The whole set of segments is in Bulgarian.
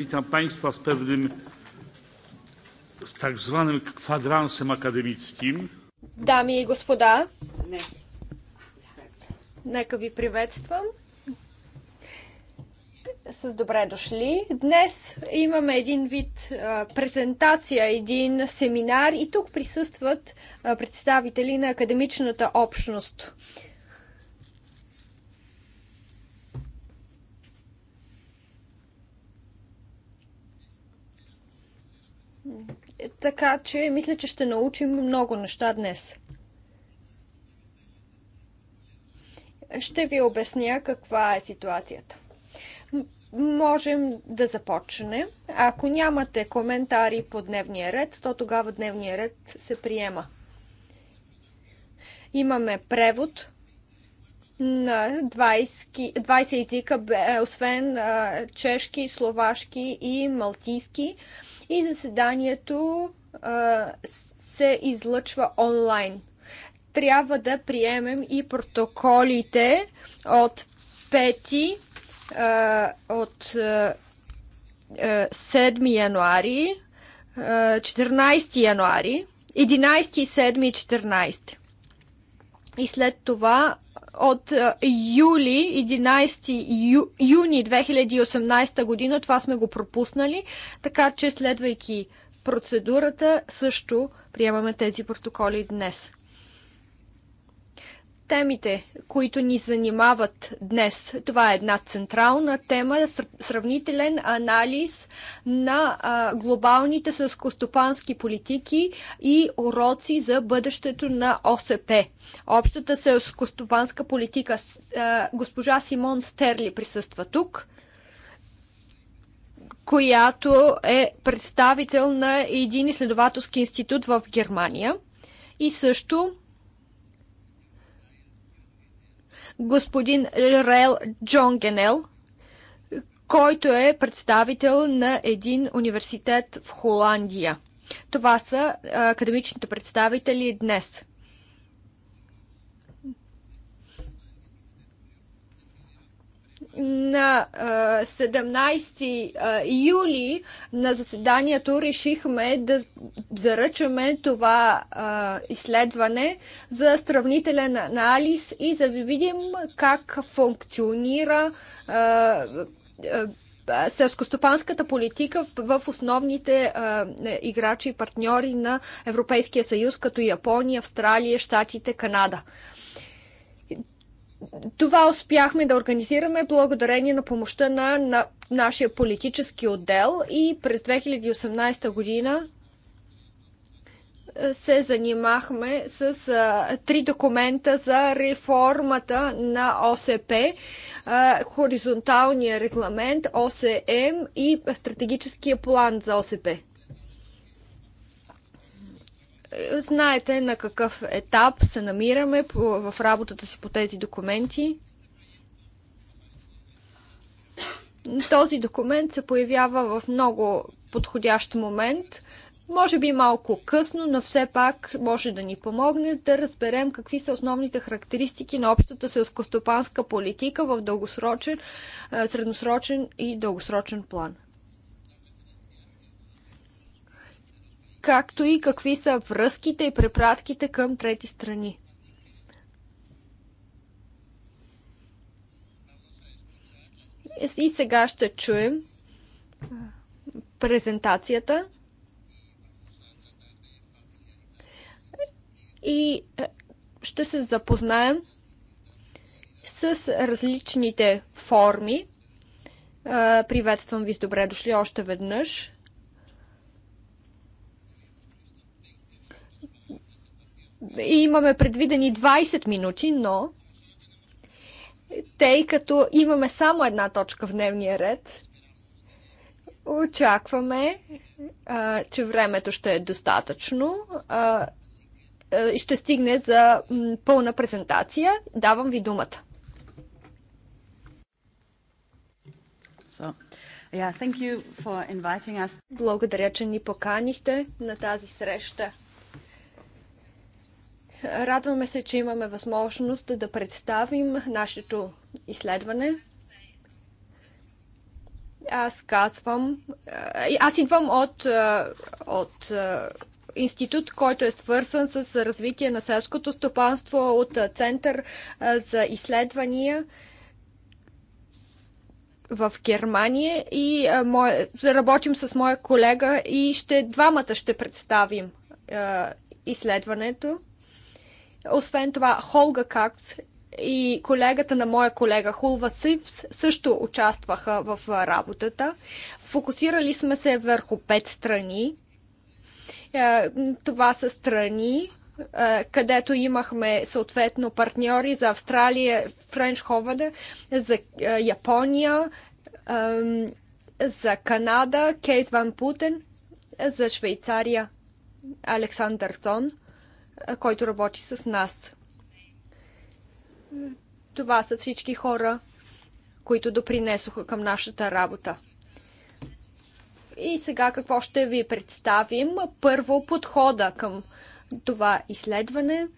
Witam Państwa z pewnym z tak zwanym kwadransem akademickim. Дами и господа, нека ви приветствам. С добре дошли. Днес имаме един вид а, презентация, един семинар и тук присъстват а, представители на академичната общност. Е, така че мисля, че ще научим много неща днес. Ще ви обясня каква е ситуацията. Можем да започнем. Ако нямате коментари по дневния ред, то тогава дневния ред се приема. Имаме превод на 20, 20 езика, освен чешки, словашки и малтийски и заседанието а, се излъчва онлайн. Трябва да приемем и протоколите от 5 а, от а, 7 януари, 14 януари, 11, 7 и 14. И след това от е, юли, 11 ю, юни 2018 година, това сме го пропуснали, така че следвайки процедурата също приемаме тези протоколи днес темите, които ни занимават днес. Това е една централна тема, сравнителен анализ на а, глобалните селскостопански политики и уроци за бъдещето на ОСП. Общата сълскостопанска политика. А, госпожа Симон Стерли присъства тук която е представител на един изследователски институт в Германия и също господин Рел Джонгенел, който е представител на един университет в Холандия. Това са академичните представители днес. на 17 юли на заседанието решихме да заръчаме това изследване за сравнителен анализ и за да видим как функционира селскостопанската политика в основните а, е, играчи и партньори на Европейския съюз, като Япония, Австралия, Штатите, Канада това успяхме да организираме благодарение на помощта на, на нашия политически отдел и през 2018 година се занимахме с а, три документа за реформата на ОСП, а, хоризонталния регламент ОСМ и стратегическия план за ОСП. Знаете на какъв етап се намираме в работата си по тези документи. Този документ се появява в много подходящ момент. Може би малко късно, но все пак може да ни помогне да разберем какви са основните характеристики на общата селскостопанска политика в дългосрочен, средносрочен и дългосрочен план. както и какви са връзките и препратките към трети страни. И сега ще чуем презентацията. И ще се запознаем с различните форми. Приветствам ви с добре дошли още веднъж. имаме предвидени 20 минути, но тъй като имаме само една точка в дневния ред, очакваме, а, че времето ще е достатъчно и ще стигне за пълна презентация. Давам ви думата. So, yeah, Благодаря, че ни поканихте на тази среща. Радваме се, че имаме възможност да представим нашето изследване. Аз казвам, аз идвам от, от институт, който е свързан с развитие на селското стопанство от Център за изследвания в Германия и мое, работим с моя колега и ще двамата ще представим изследването. Освен това, Холга Какс и колегата на моя колега Хулва Сивс също участваха в работата. Фокусирали сме се върху пет страни. Е, това са страни, е, където имахме съответно партньори за Австралия, Френч Ховеде, за е, Япония, за Канада, Кейт Ван Путен, за Швейцария, Александър Зон – който работи с нас. Това са всички хора, които допринесоха към нашата работа. И сега какво ще ви представим? Първо подхода към това изследване.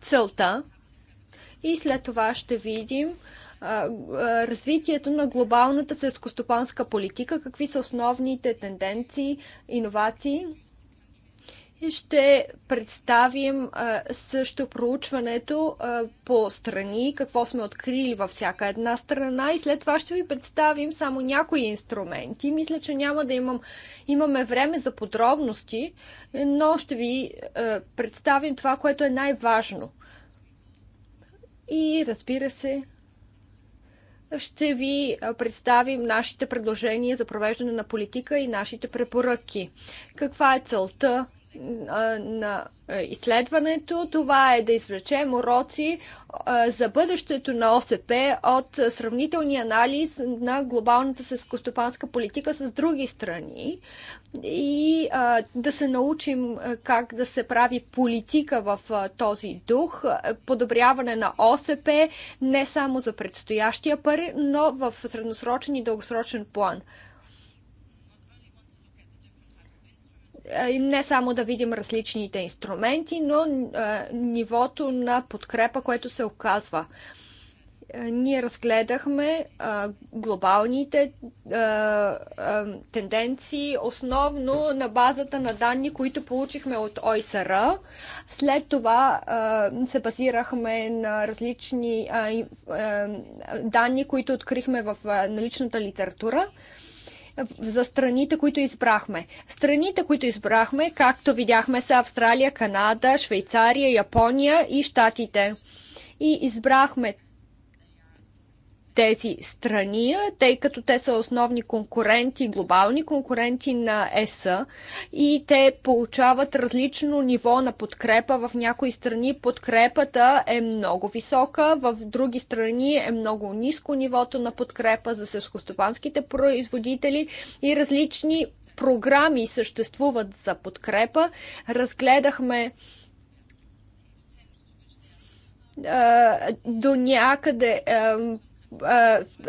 Целта. И след това ще видим развитието на глобалната селскостопанска политика, какви са основните тенденции, иновации. Ще представим също проучването по страни, какво сме открили във всяка една страна и след това ще ви представим само някои инструменти. Мисля, че няма да имам, имаме време за подробности, но ще ви представим това, което е най-важно. И разбира се, ще ви представим нашите предложения за провеждане на политика и нашите препоръки. Каква е целта на изследването. Това е да извлечем уроци за бъдещето на ОСП от сравнителния анализ на глобалната сескостопанска политика с други страни и а, да се научим как да се прави политика в а, този дух, подобряване на ОСП не само за предстоящия пари, но в средносрочен и дългосрочен план. не само да видим различните инструменти, но а, нивото на подкрепа, което се оказва ние разгледахме а, глобалните а, а, тенденции, основно на базата на данни, които получихме от ОИСР. След това а, се базирахме на различни а, а, данни, които открихме в а, наличната литература за страните, които избрахме. Страните, които избрахме, както видяхме, са Австралия, Канада, Швейцария, Япония и Штатите. И избрахме тези страни, тъй като те са основни конкуренти, глобални конкуренти на ЕС и те получават различно ниво на подкрепа. В някои страни подкрепата е много висока, в други страни е много ниско нивото на подкрепа за сълскостопанските производители и различни програми съществуват за подкрепа. Разгледахме до някъде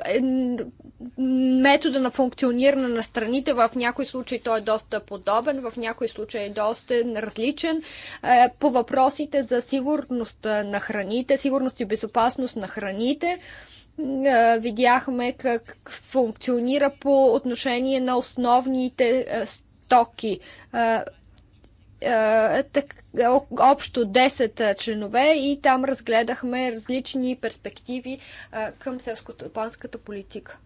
е, метода на функциониране на страните в някои случаи той е доста подобен, в някои случаи е доста различен. По въпросите за сигурност на храните, сигурност и безопасност на храните, видяхме как функционира по отношение на основните стоки общо 10 членове и там разгледахме различни перспективи към селско-стопанската политика.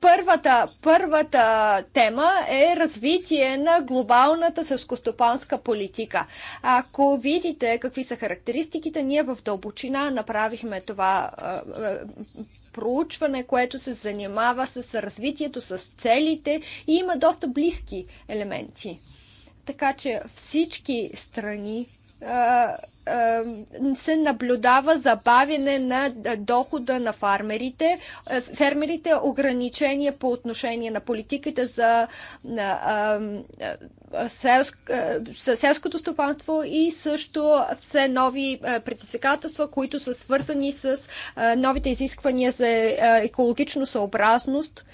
Първата, първата тема е развитие на глобалната селскостопанска политика. Ако видите какви са характеристиките, ние в дълбочина направихме това проучване, което се занимава с развитието, с целите и има доста близки елементи. Така че всички страни се наблюдава забавяне на дохода на фармерите. Фермерите ограничение по отношение на политиката за селското стопанство и също все нови предизвикателства, които са свързани с новите изисквания за екологично съобразност.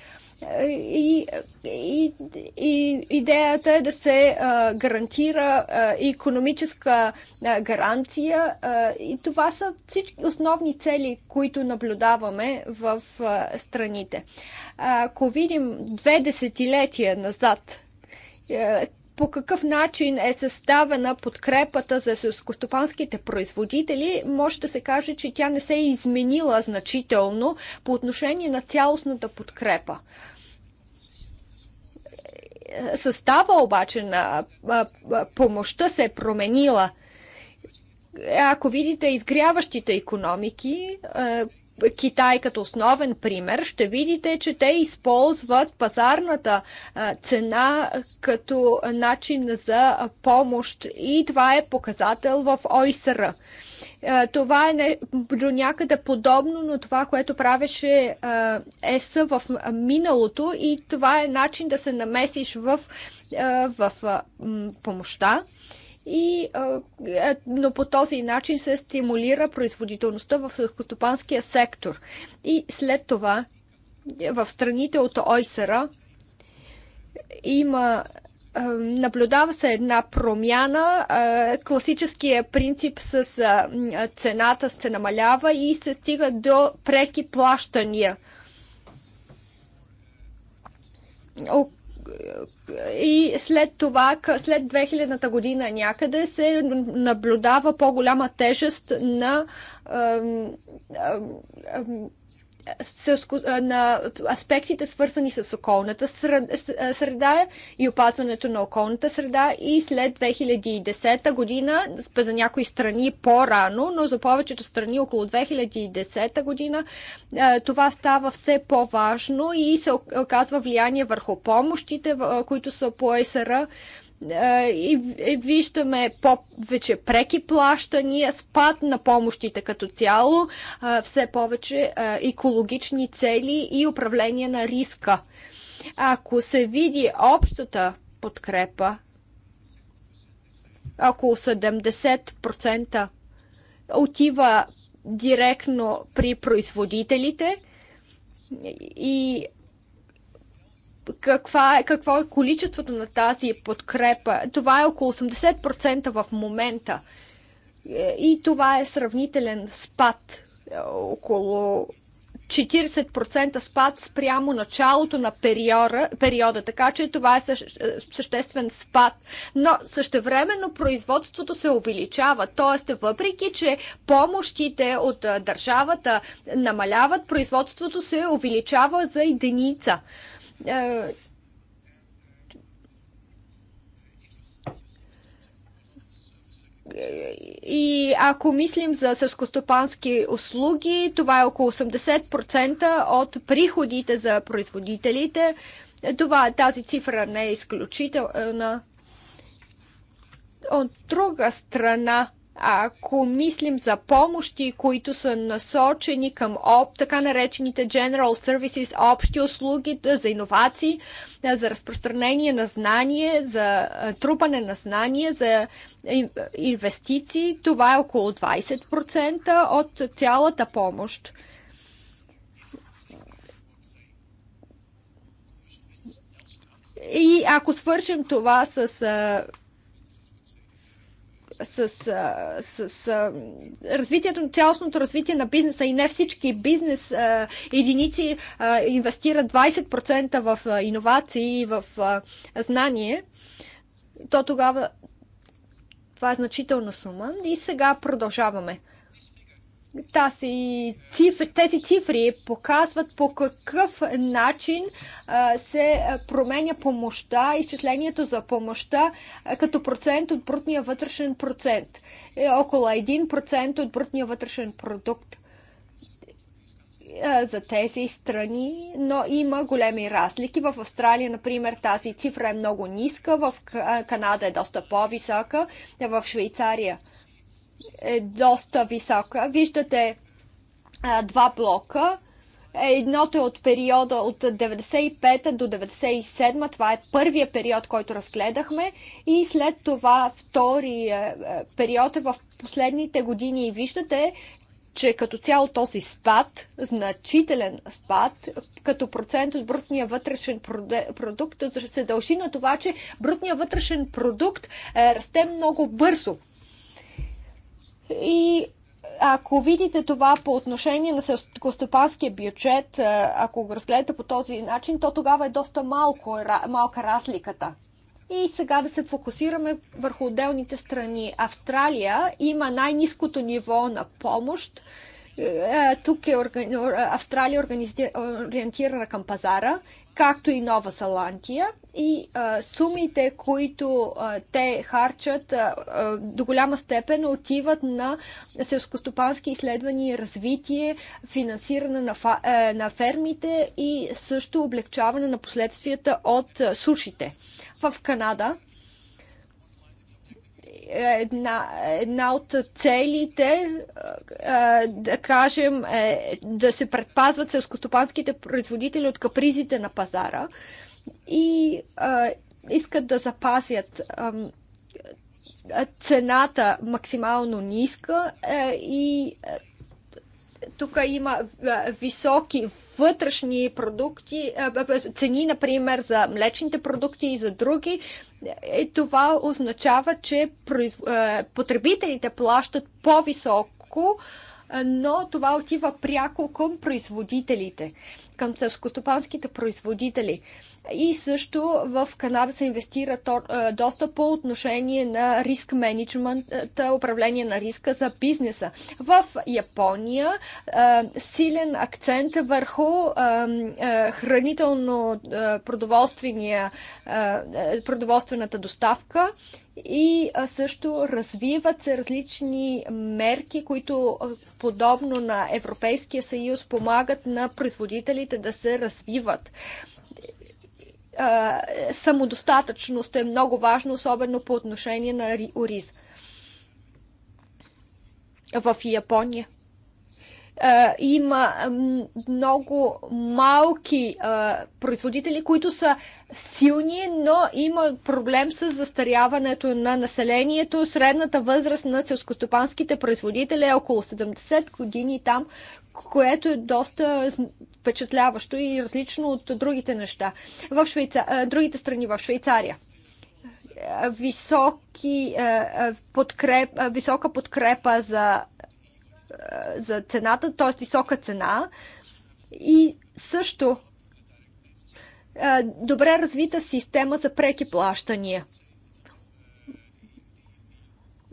И, и, и идеята е да се а, гарантира а, економическа а, гаранция а, и това са всички основни цели, които наблюдаваме в а, страните. Ако видим две десетилетия назад по какъв начин е съставена подкрепата за селскостопанските производители, може да се каже, че тя не се е изменила значително по отношение на цялостната подкрепа. Състава обаче на помощта се е променила. Ако видите изгряващите економики, Китай като основен пример, ще видите, че те използват пазарната цена като начин за помощ и това е показател в ОИСР. Това е не, до някъде подобно на това, което правеше ЕС в миналото и това е начин да се намесиш в, в помощта и, е, но по този начин се стимулира производителността в селскостопанския сектор. И след това е, в страните от Ойсера има е, наблюдава се една промяна. Класическия принцип с цената се намалява и се стига до преки плащания и след това, след 2000-та година някъде се наблюдава по-голяма тежест на на аспектите свързани с околната среда и опазването на околната среда и след 2010 година, за някои страни по-рано, но за повечето страни около 2010 година това става все по-важно и се оказва влияние върху помощите, които са по ЕСР и, и е, виждаме повече преки плащания, спад на помощите като цяло, все повече екологични цели и управление на риска. Ако се види общата подкрепа, около 70% отива директно при производителите и каква е, какво е количеството на тази подкрепа. Това е около 80% в момента. Е, и това е сравнителен спад. Е, около 40% спад спрямо началото на периода, периода. Така че това е, е съществен спад. Но същевременно производството се увеличава. Тоест, въпреки, че помощите от държавата намаляват, производството се увеличава за единица. Е, и ако мислим за сърскостопански услуги, това е около 80% от приходите за производителите. Това, тази цифра не е изключителна. От друга страна, ако мислим за помощи, които са насочени към об, така наречените General Services, общи услуги за иновации, за разпространение на знание, за трупане на знание, за инвестиции, това е около 20% от цялата помощ. И ако свършим това с с, с, с развитието, цялостното развитие на бизнеса и не всички бизнес единици инвестират 20% в иновации и в знание, то тогава това е значителна сума. И сега продължаваме тази цифр, тези цифри показват по какъв начин се променя помощта, изчислението за помощта като процент от брутния вътрешен процент. Е около 1% от брутния вътрешен продукт за тези страни, но има големи разлики. В Австралия, например, тази цифра е много ниска, в Канада е доста по-висока, в Швейцария – е доста висока. Виждате а, два блока. Е, едното е от периода от 95 до 97, това е първия период, който разгледахме и след това втори е, е, период е в последните години и виждате, че като цяло този спад, значителен спад, като процент от брутния вътрешен продукт, се дължи на това, че брутния вътрешен продукт е, расте много бързо. И ако видите това по отношение на селскостопанския бюджет, ако го разгледате по този начин, то тогава е доста малко, малка разликата. И сега да се фокусираме върху отделните страни. Австралия има най-низкото ниво на помощ е, тук е, Австралия е ориентирана към пазара, както и Нова Салантия. И а, сумите, които а, те харчат, а, а, до голяма степен отиват на селскостопански изследвания и развитие, финансиране на, фа, а, е, на фермите и също облегчаване на последствията от а, сушите. В Канада една, една от целите, да кажем, е да се предпазват селскостопанските производители от капризите на пазара и искат да е, цената максимално ниска е, и тук има високи вътрешни продукти, цени, например, за млечните продукти и за други. И е, това означава, че потребителите плащат по-високо но това отива пряко към производителите, към селскостопанските производители. И също в Канада се инвестира доста по отношение на риск менеджмент, управление на риска за бизнеса. В Япония силен акцент върху хранително продоволствената доставка и също развиват се различни мерки, които подобно на Европейския съюз помагат на производителите да се развиват самодостатъчност е много важно, особено по отношение на ориз. В Япония има много малки производители, които са силни, но има проблем с застаряването на населението. Средната възраст на селскостопанските производители е около 70 години там, което е доста впечатляващо и различно от другите неща в Швейца... другите страни в Швейцария високи, подкреп, висока подкрепа за за цената, т.е. висока цена. И също добре развита система за преки плащания.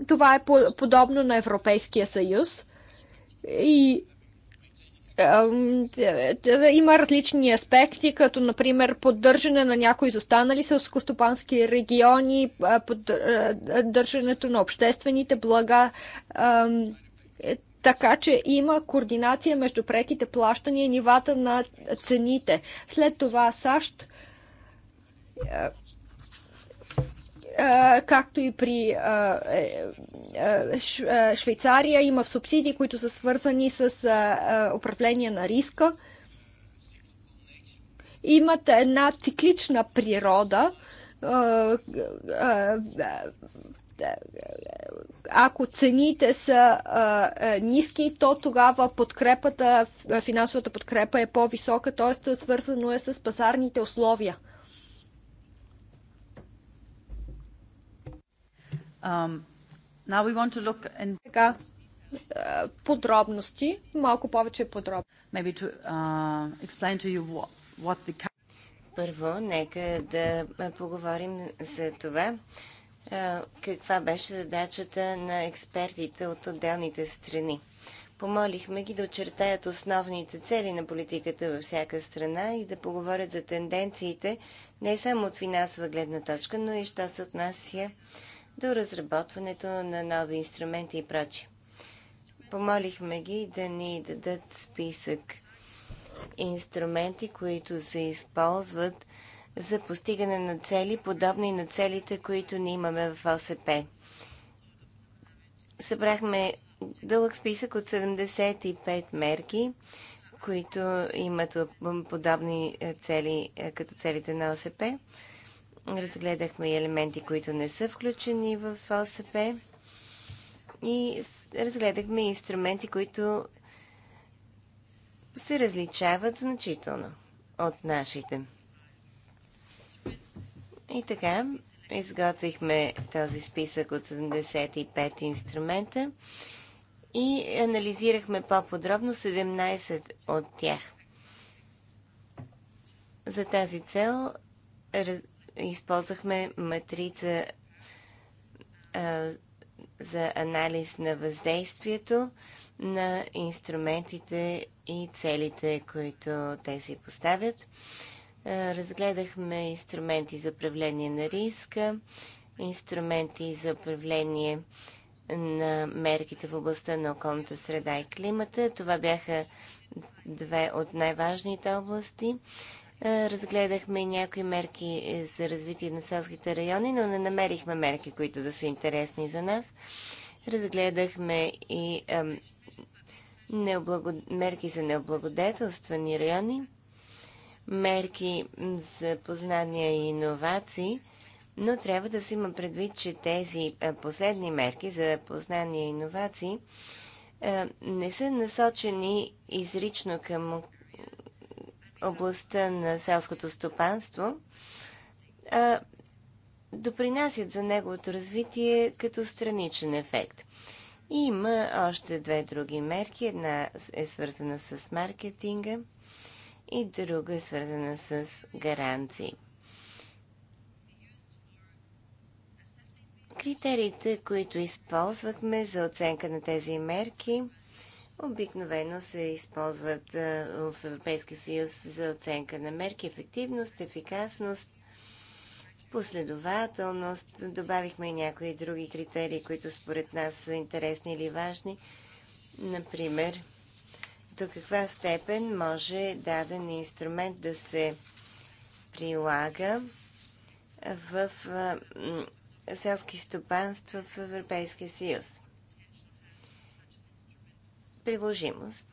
Това е подобно на Европейския съюз. И е, е, има различни аспекти, като например поддържане на някои застанали сълскостопански региони, поддържането на обществените блага. Е, така че има координация между преките плащания и нивата на цените. След това САЩ е, е, както и при е, Швейцария, има субсидии, които са свързани с управление на риска. Имат една циклична природа ако цените са а, а, ниски, то тогава подкрепата, финансовата подкрепа е по-висока, т.е. свързано е с пазарните условия. Um, now we want to look in... Така, подробности, малко повече подробности. Maybe to uh, explain to you what, what the... Първо, нека да поговорим за това, каква беше задачата на експертите от отделните страни. Помолихме ги да очертаят основните цели на политиката във всяка страна и да поговорят за тенденциите не само от финансова гледна точка, но и що се отнася до разработването на нови инструменти и прочи. Помолихме ги да ни дадат списък инструменти, които се използват за постигане на цели, подобни на целите, които ние имаме в ОСП. Събрахме дълъг списък от 75 мерки, които имат подобни е, цели е, като целите на ОСП. Разгледахме и елементи, които не са включени в ОСП. И разгледахме и инструменти, които се различават значително от нашите. И така, изготвихме този списък от 75 инструмента и анализирахме по-подробно 17 от тях. За тази цел раз... използвахме матрица а, за анализ на въздействието на инструментите и целите, които те си поставят. Е, разгледахме инструменти за управление на риска, инструменти за управление на мерките в областта на околната среда и климата. Това бяха две от най-важните области. Е, разгледахме някои мерки за развитие на селските райони, но не намерихме мерки, които да са интересни за нас. Разгледахме и ам, необлагод... мерки за необлагодетелствани райони мерки за познания и иновации, но трябва да се има предвид, че тези последни мерки за познания и иновации не са насочени изрично към областта на селското стопанство, а допринасят за неговото развитие като страничен ефект. И има още две други мерки. Една е свързана с маркетинга – и друга свързана с гаранции. Критериите, които използвахме за оценка на тези мерки, обикновено се използват в Европейския съюз за оценка на мерки ефективност, ефикасност, последователност. Добавихме и някои други критерии, които според нас са интересни или важни. Например, до каква степен може даден инструмент да се прилага в селски стопанства в Европейския съюз. Приложимост.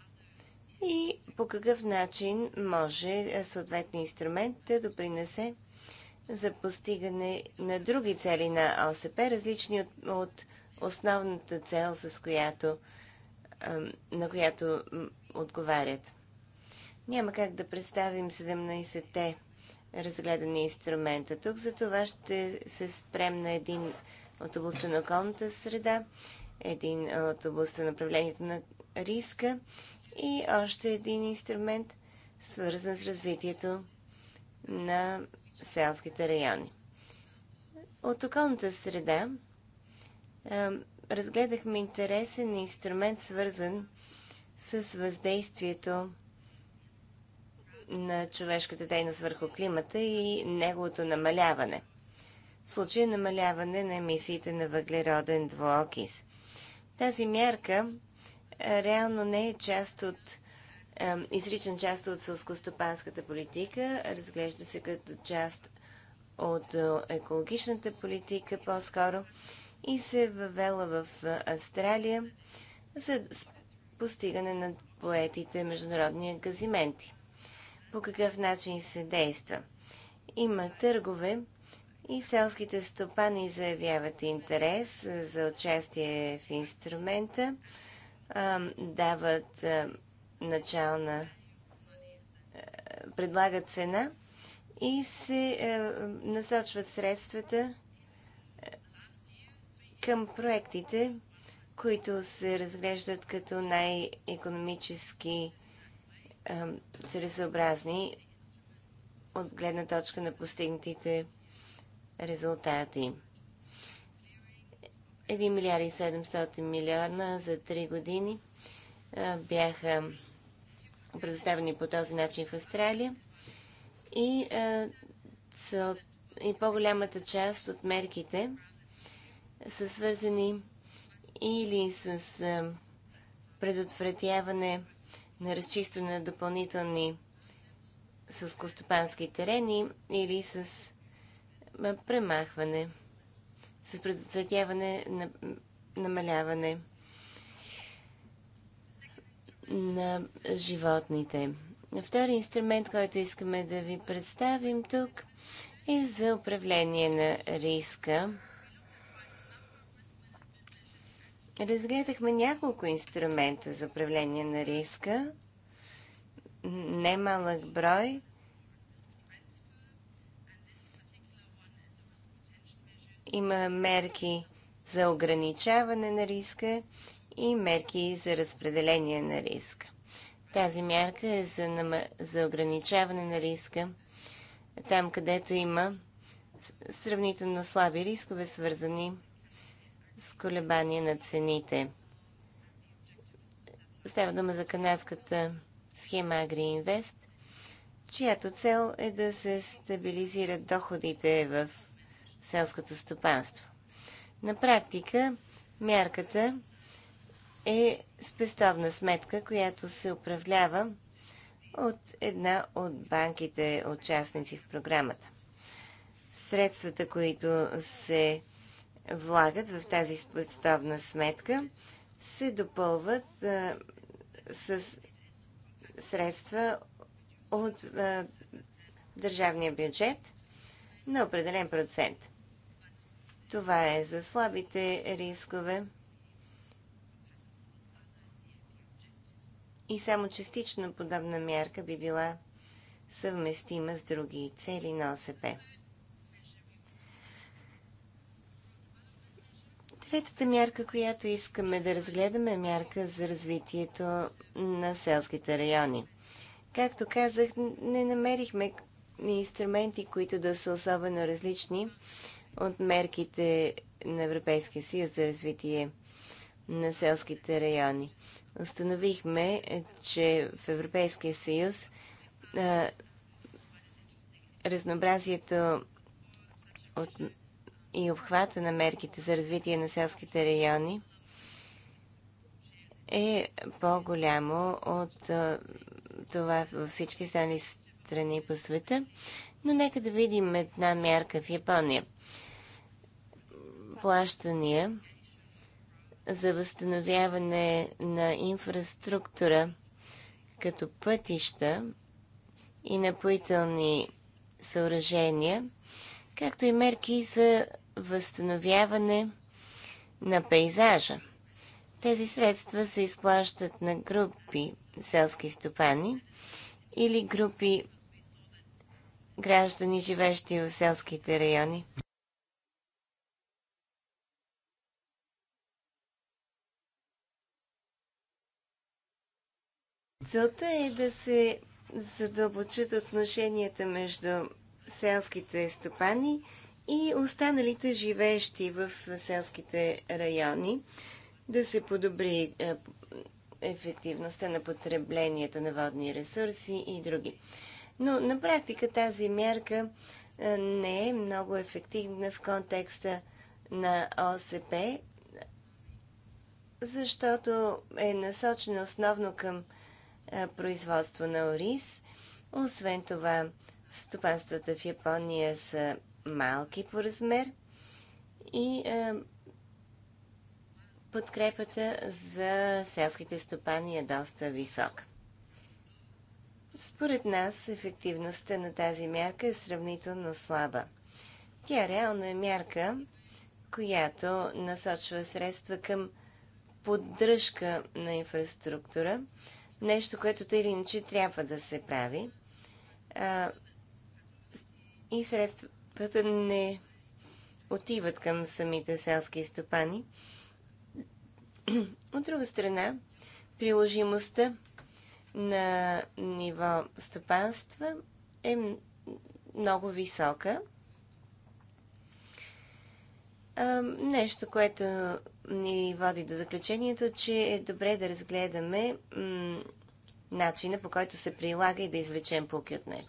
И по какъв начин може съответния инструмент да допринесе за постигане на други цели на ОСП, различни от, от основната цел, с която, на която отговарят. Няма как да представим 17-те разгледани инструмента тук, за това ще се спрем на един от областта на околната среда, един от областта на управлението на риска и още един инструмент, свързан с развитието на селските райони. От околната среда разгледахме интересен инструмент, свързан с въздействието на човешката дейност върху климата и неговото намаляване. В случая намаляване на емисиите на въглероден двуокис. Тази мярка реално не е част от изричен част от сълскостопанската политика, разглежда се като част от екологичната политика по-скоро и се е въвела в Австралия за постигане на поетите международни ангазименти. По какъв начин се действа? Има търгове и селските стопани заявяват интерес за участие в инструмента, дават начална, предлагат цена и се насочват средствата към проектите, които се разглеждат като най-економически целесообразни от гледна точка на постигнатите резултати. 1 милиард и 700 милиона за 3 години бяха предоставени по този начин в Австралия и, и по-голямата част от мерките са свързани или с предотвратяване на разчистване на допълнителни сълскостопански терени или с премахване, с предотвратяване на намаляване на животните. Втори инструмент, който искаме да ви представим тук е за управление на риска. Разгледахме няколко инструмента за управление на риска, немалък брой. Има мерки за ограничаване на риска и мерки за разпределение на риска. Тази мярка е за, за ограничаване на риска там, където има сравнително слаби рискове, свързани с с колебания на цените. Става дума за канадската схема AgriInvest, чиято цел е да се стабилизират доходите в селското стопанство. На практика мярката е спестовна сметка, която се управлява от една от банките участници в програмата. Средствата, които се влагат в тази спестовна сметка, се допълват а, с средства от а, държавния бюджет на определен процент. Това е за слабите рискове и само частично подобна мярка би била съвместима с други цели на ОСП. Третата мярка, която искаме да разгледаме, е мярка за развитието на селските райони. Както казах, не намерихме инструменти, които да са особено различни от мерките на Европейския съюз за развитие на селските райони. Установихме, че в Европейския съюз а, разнообразието от и обхвата на мерките за развитие на селските райони е по-голямо от това във всички останали страни по света. Но нека да видим една мярка в Япония. Плащания за възстановяване на инфраструктура като пътища и напоителни съоръжения, както и мерки за възстановяване на пейзажа. Тези средства се изплащат на групи селски стопани или групи граждани, живещи в селските райони. Целта е да се задълбочат отношенията между селските стопани и и останалите живеещи в селските райони, да се подобри е, ефективността на потреблението на водни ресурси и други. Но на практика тази мярка е, не е много ефективна в контекста на ОСП, защото е насочена основно към е, производство на ориз. Освен това, стопанствата в Япония са малки по размер и е, подкрепата за селските стопани е доста висока. Според нас ефективността на тази мярка е сравнително слаба. Тя реално е мярка, която насочва средства към поддръжка на инфраструктура, нещо, което тъй или иначе трябва да се прави. А, и средства, средствата не отиват към самите селски стопани. От друга страна, приложимостта на ниво стопанства е много висока. нещо, което ни води до заключението, че е добре да разгледаме начина по който се прилага и да извлечем полки от него.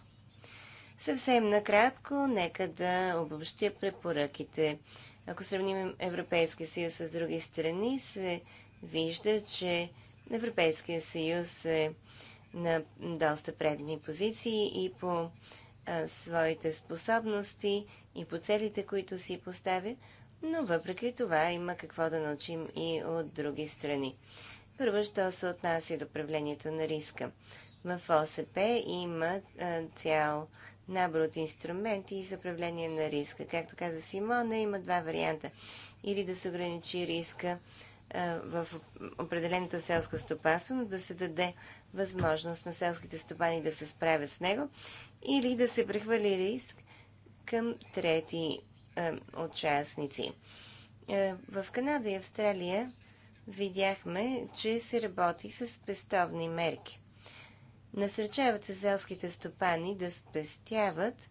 Съвсем накратко, нека да обобщя препоръките. Ако сравним Европейския съюз с други страни, се вижда, че Европейския съюз е на доста предни позиции и по а, своите способности и по целите, които си поставя, но въпреки това има какво да научим и от други страни. Първо, що се отнася до правлението на риска. В ОСП има а, цял набор от инструменти и управление на риска. Както каза Симона, има два варианта. Или да се ограничи риска в определеното селско стопанство, но да се даде възможност на селските стопани да се справят с него, или да се прехвали риск към трети участници. в Канада и Австралия видяхме, че се работи с пестовни мерки. Насърчават се селските стопани да спестяват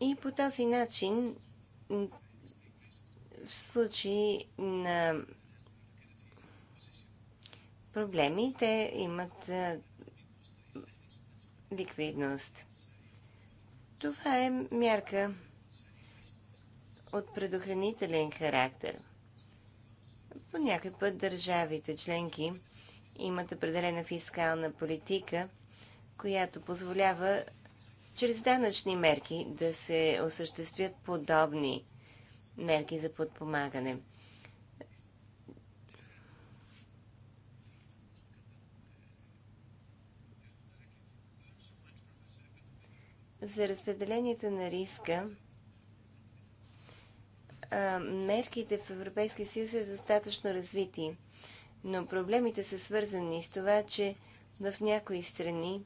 и по този начин в случай на проблеми те имат ликвидност. Това е мярка от предохранителен характер – по някой път държавите членки имат определена фискална политика, която позволява чрез данъчни мерки да се осъществят подобни мерки за подпомагане. За разпределението на риска мерките в Европейския съюз са е достатъчно развити, но проблемите са свързани с това, че в някои страни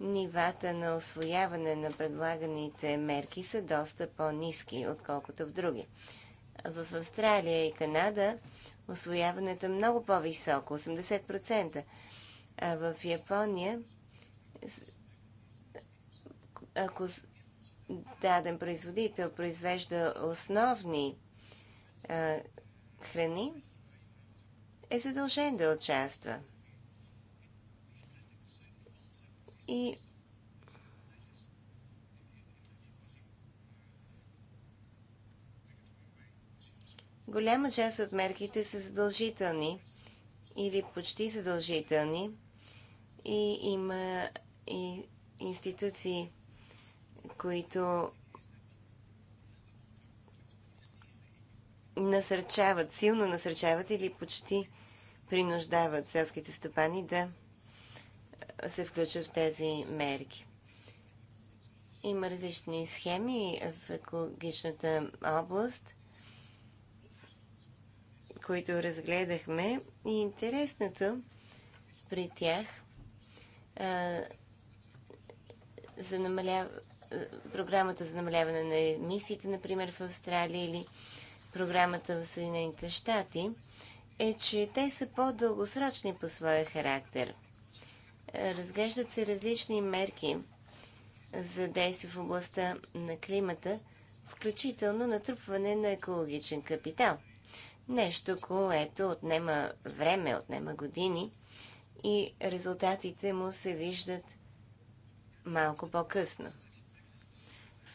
нивата на освояване на предлаганите мерки са доста по-низки, отколкото в други. В Австралия и Канада освояването е много по-високо 80%. А в Япония, ако даден производител произвежда основни а, храни, е задължен да участва. И голяма част от мерките са задължителни или почти задължителни и има и институции, които насърчават, силно насърчават или почти принуждават селските стопани да се включат в тези мерки. Има различни схеми в екологичната област, които разгледахме и интересното при тях а, за намалява програмата за намаляване на емисиите, например в Австралия или програмата в Съединените щати, е, че те са по-дългосрочни по своя характер. Разглеждат се различни мерки за действие в областта на климата, включително натрупване на екологичен капитал. Нещо, което отнема време, отнема години и резултатите му се виждат малко по-късно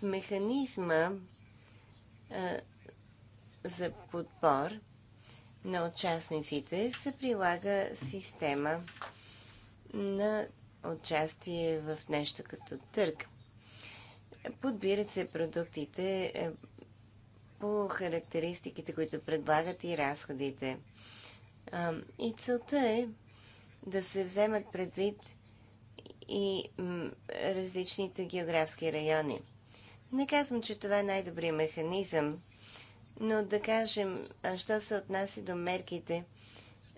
механизма а, за подбор на участниците се прилага система на участие в нещо като търг. Подбират се продуктите по характеристиките, които предлагат и разходите. И целта е да се вземат предвид и различните географски райони – не казвам, че това е най-добрият механизъм, но да кажем, що се отнася до мерките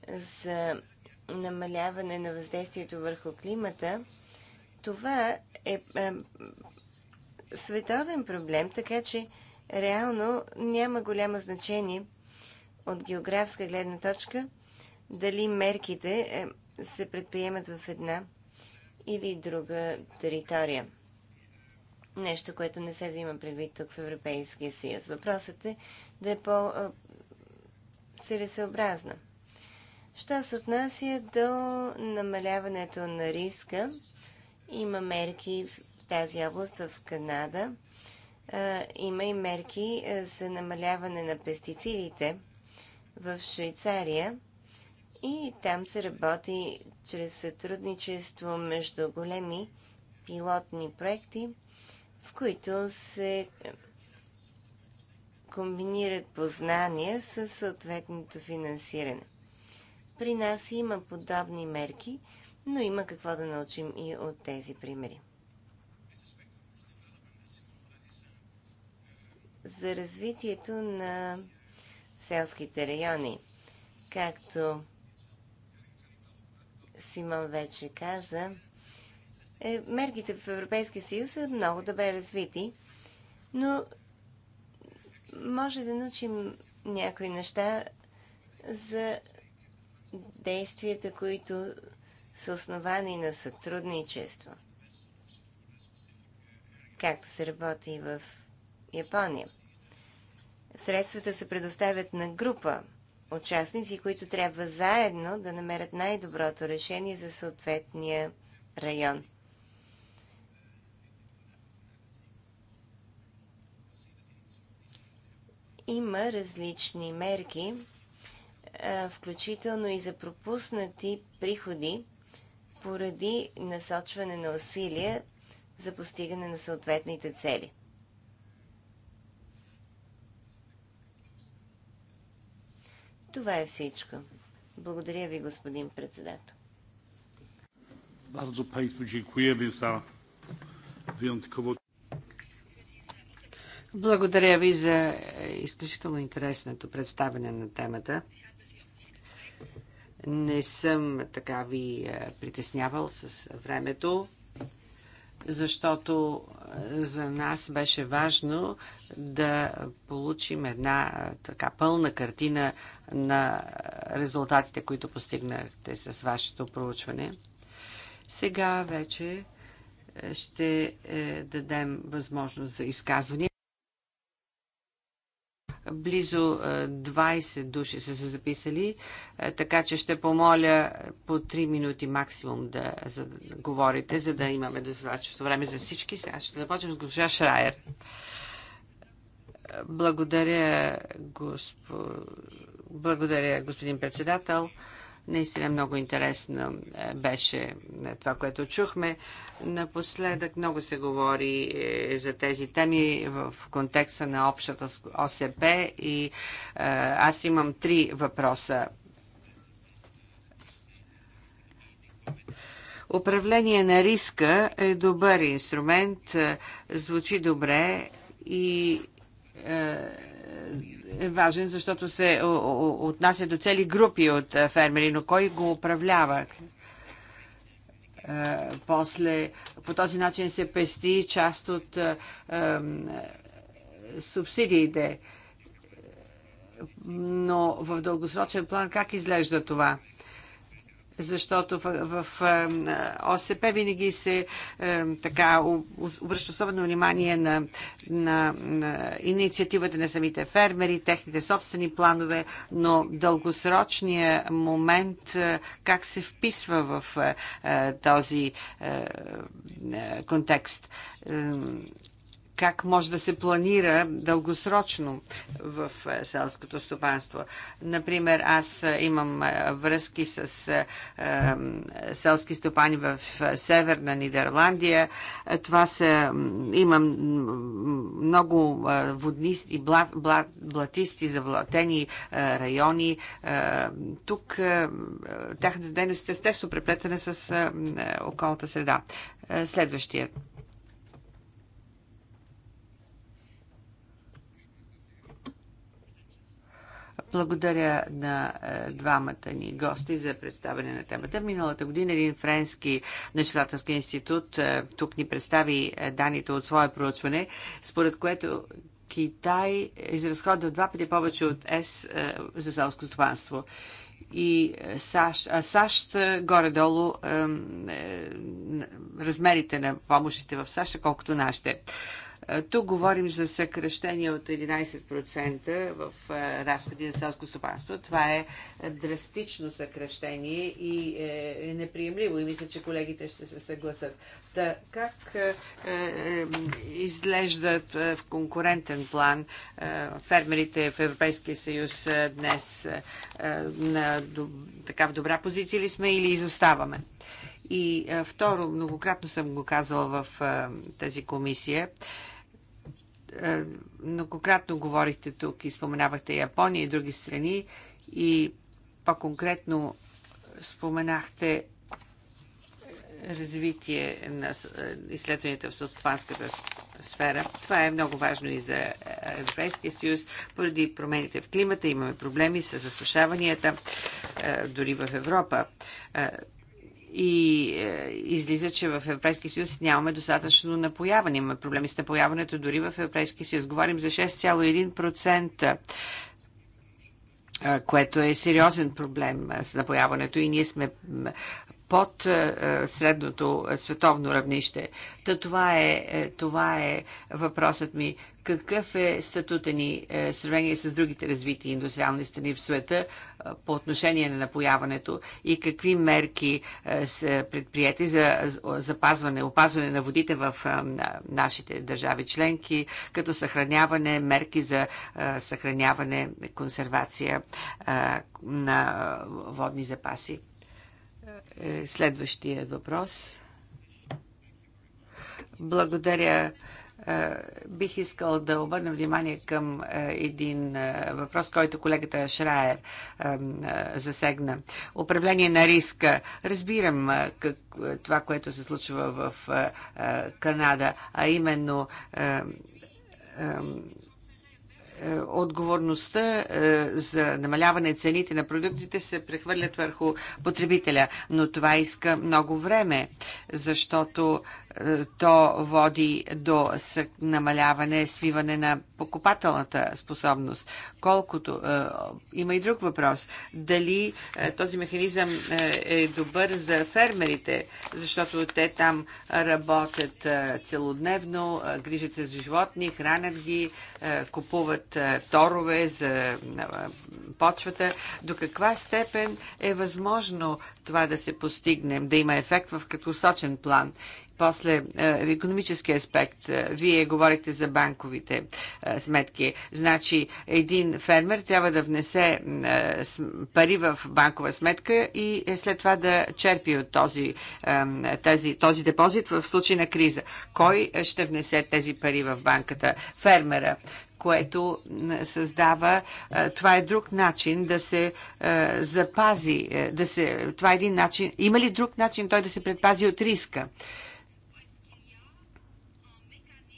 за намаляване на въздействието върху климата, това е, световен проблем, така че реално няма голямо значение от географска гледна точка дали мерките се предприемат в една или друга територия нещо, което не се взима предвид тук в Европейския съюз. Въпросът е да е по-целесъобразна. Що се отнася до намаляването на риска, има мерки в тази област в Канада. Има и мерки за намаляване на пестицидите в Швейцария. И там се работи чрез сътрудничество между големи пилотни проекти – в които се комбинират познания с съответното финансиране. При нас има подобни мерки, но има какво да научим и от тези примери. За развитието на селските райони, както Симон вече каза, е, мерките в Европейския съюз са много добре развити, но може да научим някои неща за действията, които са основани на сътрудничество. Както се работи в Япония. Средствата се предоставят на група участници, които трябва заедно да намерят най-доброто решение за съответния район. Има различни мерки, включително и за пропуснати приходи поради насочване на усилия за постигане на съответните цели. Това е всичко. Благодаря ви, господин председател. Bardzo Państwu dziękujemy za wyjątkowo благодаря ви за изключително интересното представяне на темата. Не съм така ви е, притеснявал с времето, защото е, за нас беше важно да получим една е, така пълна картина на резултатите, които постигнахте с вашето проучване. Сега вече ще дадем възможност за изказвания. Близо 20 души са се записали, така че ще помоля по 3 минути максимум да, за, да говорите, за да имаме достатъчно време за всички. Сега ще започнем с госпожа Шрайер. Благодаря, госпо... Благодаря господин председател. Наистина много интересно е, беше е, това, което чухме. Напоследък много се говори е, за тези теми в контекста на общата ОСП и аз имам три въпроса. Управление на риска е добър инструмент, звучи добре и е важен, защото се отнася до цели групи от е, фермери, но кой го управлява? Е, после по този начин се пести част от е, субсидиите. Но в дългосрочен план как изглежда това? защото в, в ОСП винаги се така обръща особено внимание на, на, на инициативата на самите фермери, техните собствени планове, но дългосрочния момент как се вписва в този контекст как може да се планира дългосрочно в е, селското стопанство. Например, аз е, имам е, връзки с селски стопани в Северна Нидерландия. Това са, имам много воднисти, блат, блат, блатисти, завлатени райони. Тук тяхната дейност е естествено преплетена с околната среда. Следващия Благодаря на е, двамата ни гости за представяне на темата. Миналата година един френски нещатателски институт е, тук ни представи е, данните от свое проучване, според което Китай изразходва два пъти повече от ЕС за селско стопанство и САЩ, а САЩ горе-долу е, е, размерите на помощите в САЩ, колкото нашите. Е, тук говорим за съкръщение от 11% в е, разходи за селско стопанство. Това е драстично съкръщение и е, е неприемливо и мисля, че колегите ще се съгласат. Та, как е, е, изглеждат в конкурентен план е, фермерите в Европейския съюз днес? на, така в добра позиция ли сме или изоставаме? И второ, многократно съм го казвала в тази комисия, е, многократно говорихте тук и споменавахте Япония и други страни и по-конкретно споменахте развитие на е, изследванията в съступанската сфера. Това е много важно и за Европейския съюз. Поради промените в климата имаме проблеми с засушаванията, е, дори в Европа и е, излиза, че в Европейския съюз нямаме достатъчно напояване. Имаме проблеми с напояването дори в Европейския съюз. Говорим за 6,1% е, което е сериозен проблем е, с напояването и ние сме под е, средното световно равнище. Та това е, това е въпросът ми какъв е статута ни е, в сравнение с другите развити индустриални страни в света е, по отношение на напояването и какви мерки е, са предприяти за запазване, опазване на водите в нашите държави членки, като съхраняване, мерки за съхраняване, консервация на водни запаси. Следващия въпрос. Благодаря е, бих искал да обърна внимание към е, един е, въпрос, който колегата Шраер засегна. Управление на риска. Разбирам как, това, което се случва в Канада, а именно отговорността за намаляване цените на продуктите се прехвърлят върху потребителя. Но това иска много време, защото то води до намаляване, свиване на покупателната способност. Колкото е, има и друг въпрос. Дали е, този механизъм е, е добър за фермерите, защото те там работят е, целодневно, е, грижат се за животни, хранят ги, е, купуват е, торове за е, почвата. До каква степен е възможно това да се постигне, да има ефект в краткосрочен план? После е, економически аспект. Е, вие говорихте за банковите е, сметки. Значи един фермер трябва да внесе пари в банкова сметка и след това да черпи от този, тази, този депозит в случай на криза. Кой ще внесе тези пари в банката? Фермера което създава. Това е друг начин да се запази, да се, това е един начин. Има ли друг начин той да се предпази от риска?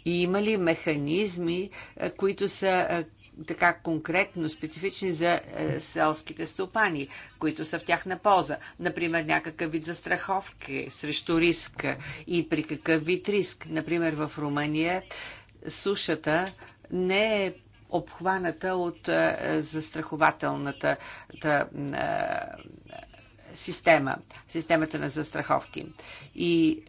И има ли механизми, е, които са е, така конкретно специфични за е, селските стопани, които са в тяхна полза. Например, някакъв вид застраховки срещу риск и при какъв вид риск. Например, в Румъния сушата не е обхваната от застрахователната та, система, системата на застраховки. И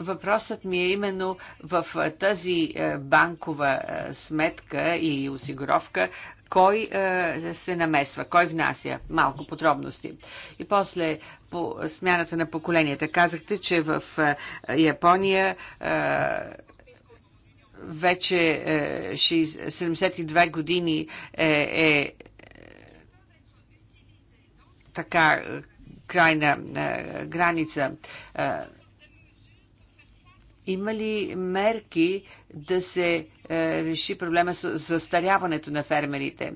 Въпросът ми е именно в тази банкова сметка и осигуровка, кой се намесва, кой внася. Малко подробности. И после по смяната на поколенията. Казахте, че в Япония вече 72 години е, е така крайна граница. Има ли мерки да се е, реши проблема с застаряването на фермерите?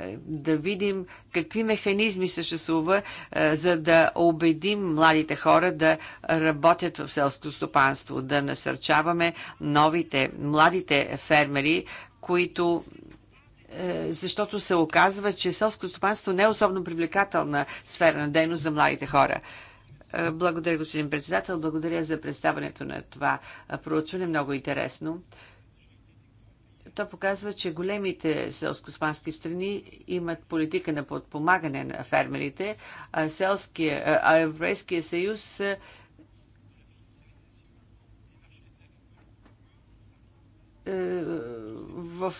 Е, да видим какви механизми съществува, е, за да убедим младите хора да работят в селско стопанство, да насърчаваме новите, младите фермери, които защото се оказва, че селското стопанство не е особено привлекателна сфера на дейност за младите хора. Е, благодаря, господин председател. Благодаря за представането на това е, проучване. Много интересно. То показва, че големите селскоспански страни имат политика на подпомагане на фермерите, а, селския, е, а Европейския съюз в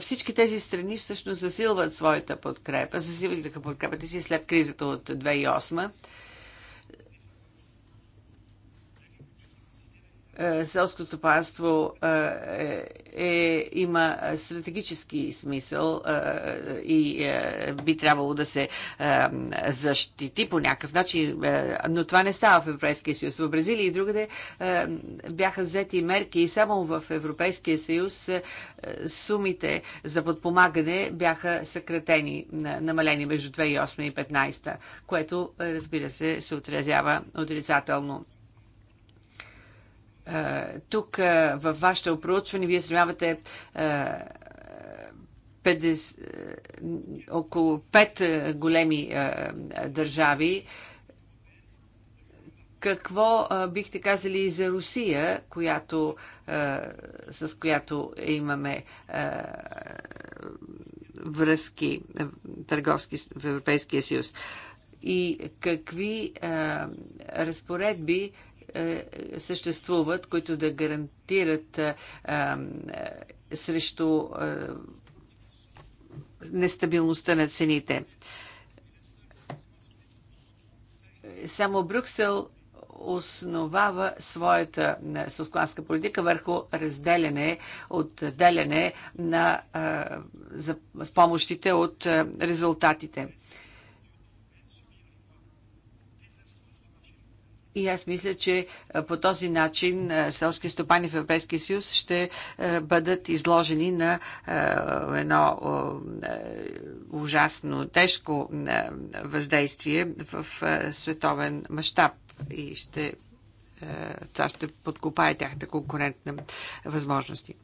всички тези страни всъщност засилват своята подкрепа, засилват подкрепата си след кризата от 2008 Е, селското стопанство е, е, е, има стратегически смисъл и би трябвало да се защити по някакъв начин, но това не става в Европейския съюз. В Бразилия и другаде бяха взети мерки и само в Европейския съюз сумите за подпомагане бяха съкратени, намалени между 2008 и 2015, което, разбира се, се отразява отрицателно тук във вашето проучване вие сравнявате 50, около 5 големи държави. Какво бихте казали и за Русия, която, с която имаме връзки търговски в Европейския съюз? И какви разпоредби е, съществуват, които да гарантират е, е, срещу нестабилността на цените. Само Брюксел основава своята селскостопанска политика върху разделяне, отделяне на а, за, с помощите от а, резултатите. И аз мисля, че е, по този начин е, селски стопани в Европейския съюз ще е, бъдат изложени на едно ужасно тежко въздействие в световен мащаб и ще, това ще подкопае тяхната конкурентна възможности.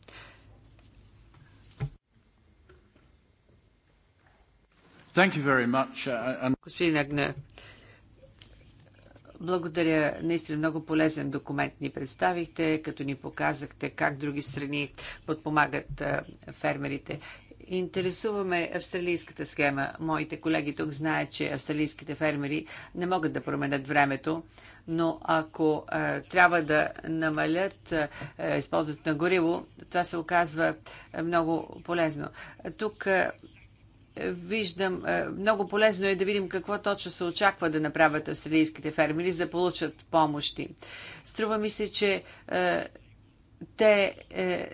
Uh, Господин Агне, благодаря. Наистина много полезен документ ни представихте, като ни показахте как други страни подпомагат фермерите. Интересуваме австралийската схема. Моите колеги тук знаят, че австралийските фермери не могат да променят времето, но ако е, трябва да намалят е, използването на гориво, това се оказва много полезно. Тук е, виждам, е, много полезно е да видим какво точно се очаква да направят австралийските фермери, за да получат помощи. Струва ми се, че е, те е,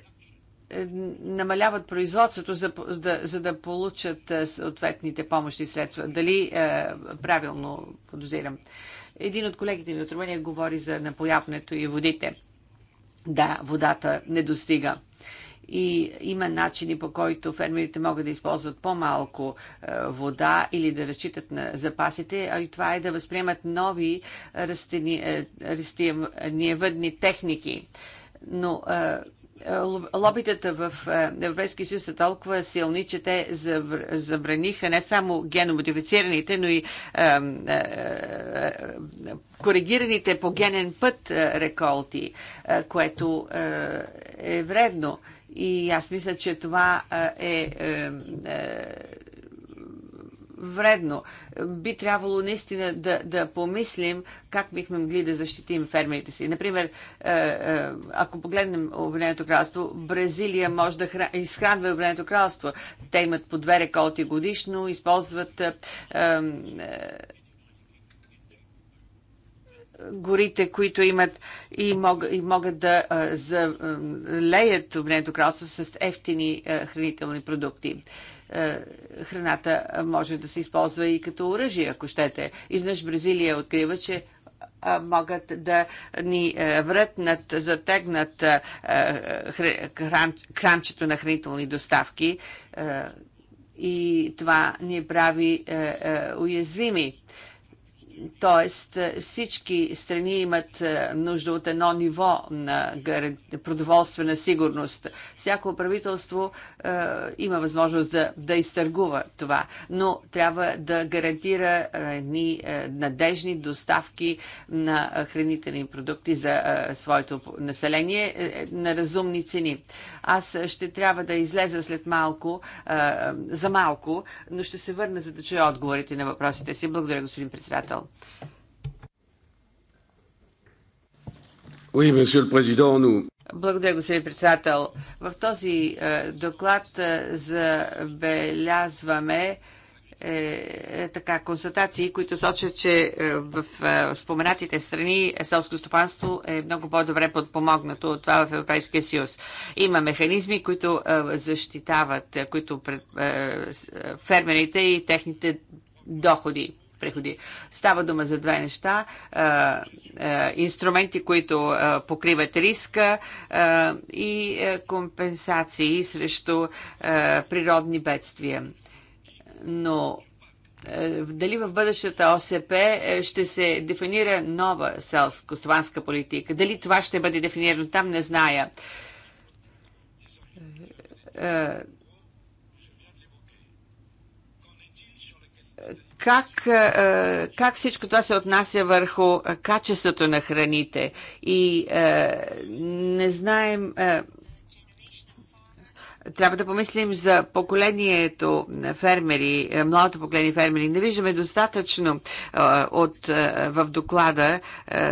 намаляват производството, за да, за да получат съответните помощи средства. Дали правилно подозирам? Един от колегите ми от Румъния говори за напояването и водите. Да, водата не достига и има начини по който фермерите могат да използват по-малко е, вода или да разчитат на запасите, а и това е да възприемат нови е, растения, растениевъдни техники. Но е, лобитата в Европейския съюз са толкова силни, че те забраниха не само геномодифицираните, но и е, е, е, коригираните по генен път реколти, което е вредно. И аз мисля, че това е, е, е вредно. Би трябвало наистина да, да помислим как бихме могли да защитим фермерите си. Например, е, е, ако погледнем Обединеното кралство, Бразилия може да хран... изхранва Обединеното кралство. Те имат по две реколти годишно, използват е, е, горите, които имат и, мог, и могат да а, залеят Обединеното кралство с ефтини а, хранителни продукти. А, храната може да се използва и като оръжие, ако щете. Изнъж Бразилия открива, че могат да ни вратнат, затегнат кранчето на хранителни доставки и това ни прави уязвими Тоест е, всички страни имат е, нужда от едно ниво на продоволствена сигурност. Всяко правителство е, има възможност да, да изтъргува това, но трябва да гарантира едни е, надежни доставки на хранителни продукти за е, своето население е, на разумни цени. Аз ще трябва да излеза след малко, е, за малко, но ще се върна за да чуя отговорите на въпросите си. Благодаря, господин председател благодаря, господин председател. В този е, доклад е, забелязваме е, е, така, констатации, които сочат, че в споменатите страни селско стопанство е много по-добре подпомогнато от това в Европейския съюз. Има механизми, които защитават, които фермерите и техните доходи приходи. Става дума за две неща. Е, е, инструменти, които е, покриват риска и компенсации срещу природни бедствия. Но дали в бъдещата ОСП ще се дефинира нова селско-стованска политика? Дали това ще бъде дефинирано там, не зная как, е, е, как всичко това се отнася върху качеството на храните и е, не знаем трябва да помислим за поколението фермери, е, младото поколение фермери. Не виждаме достатъчно е, от, е, в доклада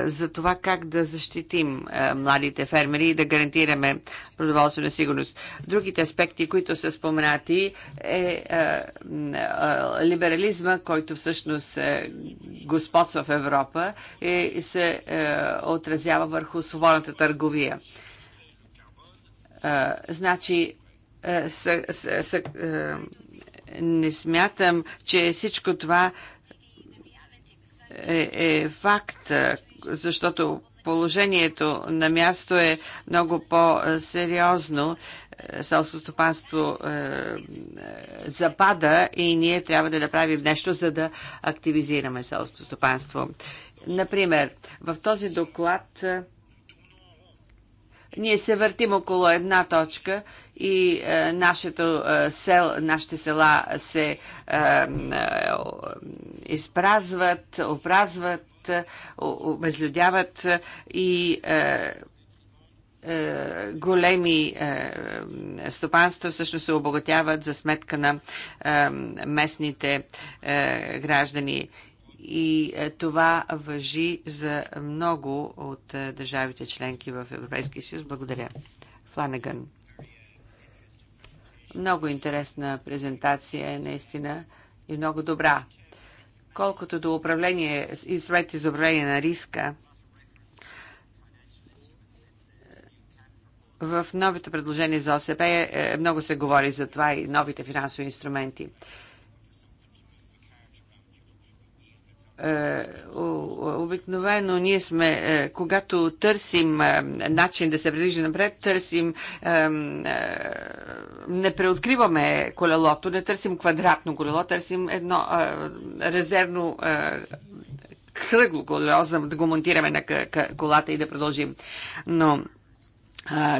за това как да защитим младите фермери и да гарантираме продоволствена сигурност. Другите аспекти, които са споменати, е либерализма, който всъщност господства в Европа и се отразява върху свободната търговия. Значи, е, са, са, са, е, не смятам, че всичко това е, е факт, защото положението на място е много по-сериозно. Е, селсостопанство е, запада и ние трябва да направим нещо, за да активизираме селсостопанство. Например, в този доклад ние се въртим около една точка и е, нашето, е, сел, нашите села се е, е, изпразват, опразват, е, обезлюдяват е, и е, е големи стопанства всъщност се обогатяват за сметка на местните граждани и е, това въжи за много от е, държавите членки в Европейския съюз. Благодаря. Фланеган. Много интересна презентация, наистина, и много добра. Колкото до управление, инструменти за управление на риска, в новите предложения за ОСП е, много се говори за това и новите финансови инструменти. Е, обикновено ние сме, е, когато търсим е, начин да се предвижи напред, търсим, не преоткриваме колелото, не търсим квадратно колело, търсим едно резервно кръгло колело, за да го монтираме на колата и да продължим. Но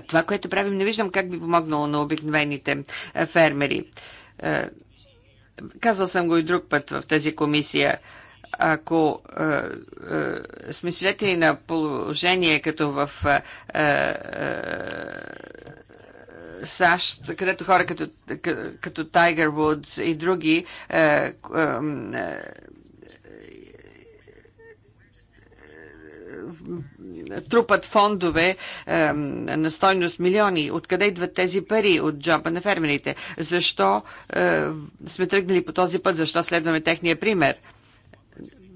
това, което правим, не виждам как би помогнало на обикновените фермери. Казал съм го и друг път в тази комисия ако е, е, сме свидетели на положение като в е, е, е САЩ, където хора като, като Тайгър Вудс и други е, е, е, трупат фондове е, на стойност милиони. Откъде идват тези пари от джоба на фермерите? Защо е, сме тръгнали по този път? Защо следваме техния пример? Е,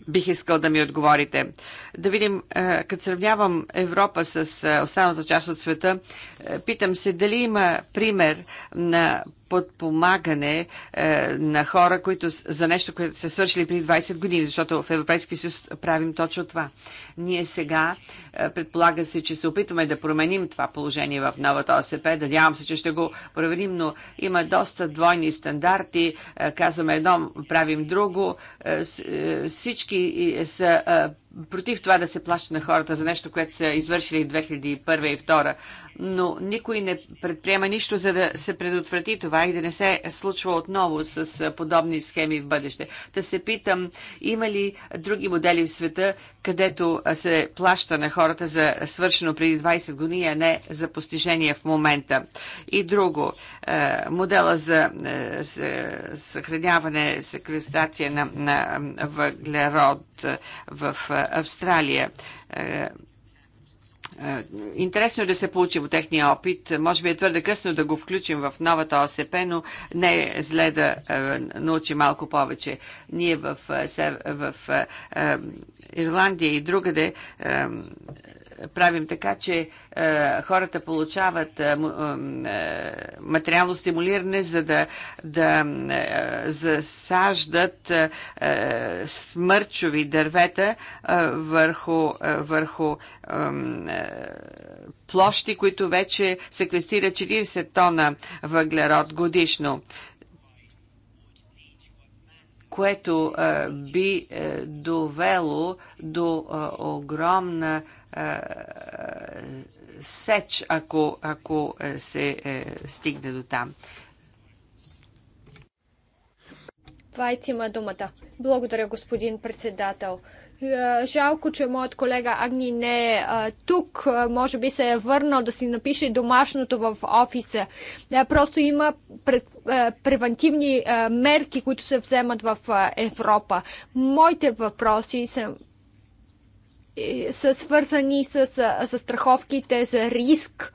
бих искал да ми отговорите. Да видим, е, като сравнявам Европа с е, останалата част от света, е, питам се дали има пример на подпомагане е, на хора, които за нещо, което са свършили при 20 години, защото в Европейския съюз правим точно това. Ние сега е, предполага се, че се опитваме да променим това положение в новата ОСП. Надявам се, че ще го проверим, но има доста двойни стандарти. Е, казваме едно, правим друго. Е, е всички е, са е, против това да се плаща на хората за нещо, което са извършили 2001 и 2002, но никой не предприема нищо, за да се предотврати това и да не се случва отново с подобни схеми в бъдеще. Да се питам, има ли други модели в света, където се плаща на хората за свършено преди 20 години, а не за постижение в момента. И друго, е, модела за е, съхраняване, секрестация на, на въглерод е, в Австралия. Интересно е да се получим от техния опит. Може би е твърде късно да го включим в новата ОСП, но не е зле да научим малко повече. Ние в, в, в Ирландия и другаде правим така, че е, хората получават е, е, материално стимулиране, за да, да засаждат смърчови дървета върху, върху площи, които вече секвестират 40 тона въглерод годишно което би е, довело до огромна сеч, ако, ако е, се е, стигне до там. Вайт има думата. Благодаря, господин председател. Е, жалко, че моят колега Агни не е, е тук. Е, може би се е върнал да си напише домашното в офиса. Просто има превентивни мерки, които се вземат в Европа. Моите въпроси са са свързани с, с страховките за риск.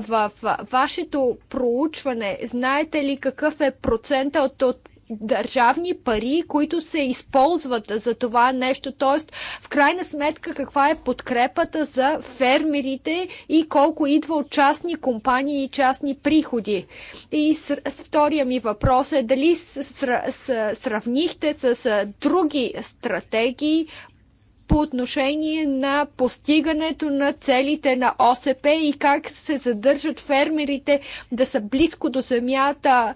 В вашето проучване знаете ли какъв е процентът от държавни пари, които се използват за това нещо. Тоест, в крайна сметка, каква е подкрепата за фермерите и колко идва от частни компании и частни приходи. И с, втория ми въпрос е дали с, с, с, сравнихте с други стратегии по отношение на постигането на целите на ОСП и как се задържат фермерите да са близко до земята.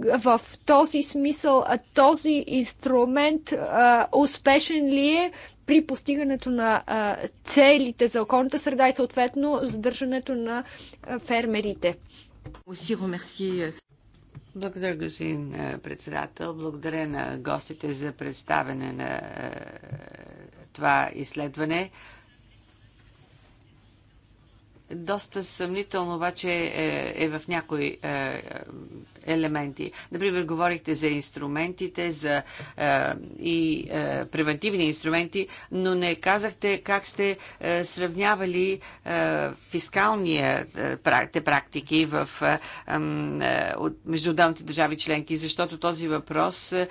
В този смисъл този инструмент успешен ли е при постигането на целите за околната среда и съответно задържането на фермерите? Благодаря, господин председател. Благодаря на гостите за представяне на това изследване. Доста съмнително обаче е, е в някои е, елементи. Например, говорихте за инструментите за, е, и е, превентивни инструменти, но не казахте как сте е, сравнявали е, фискалния е, практики в, е, е, от международните държави членки, защото този въпрос е,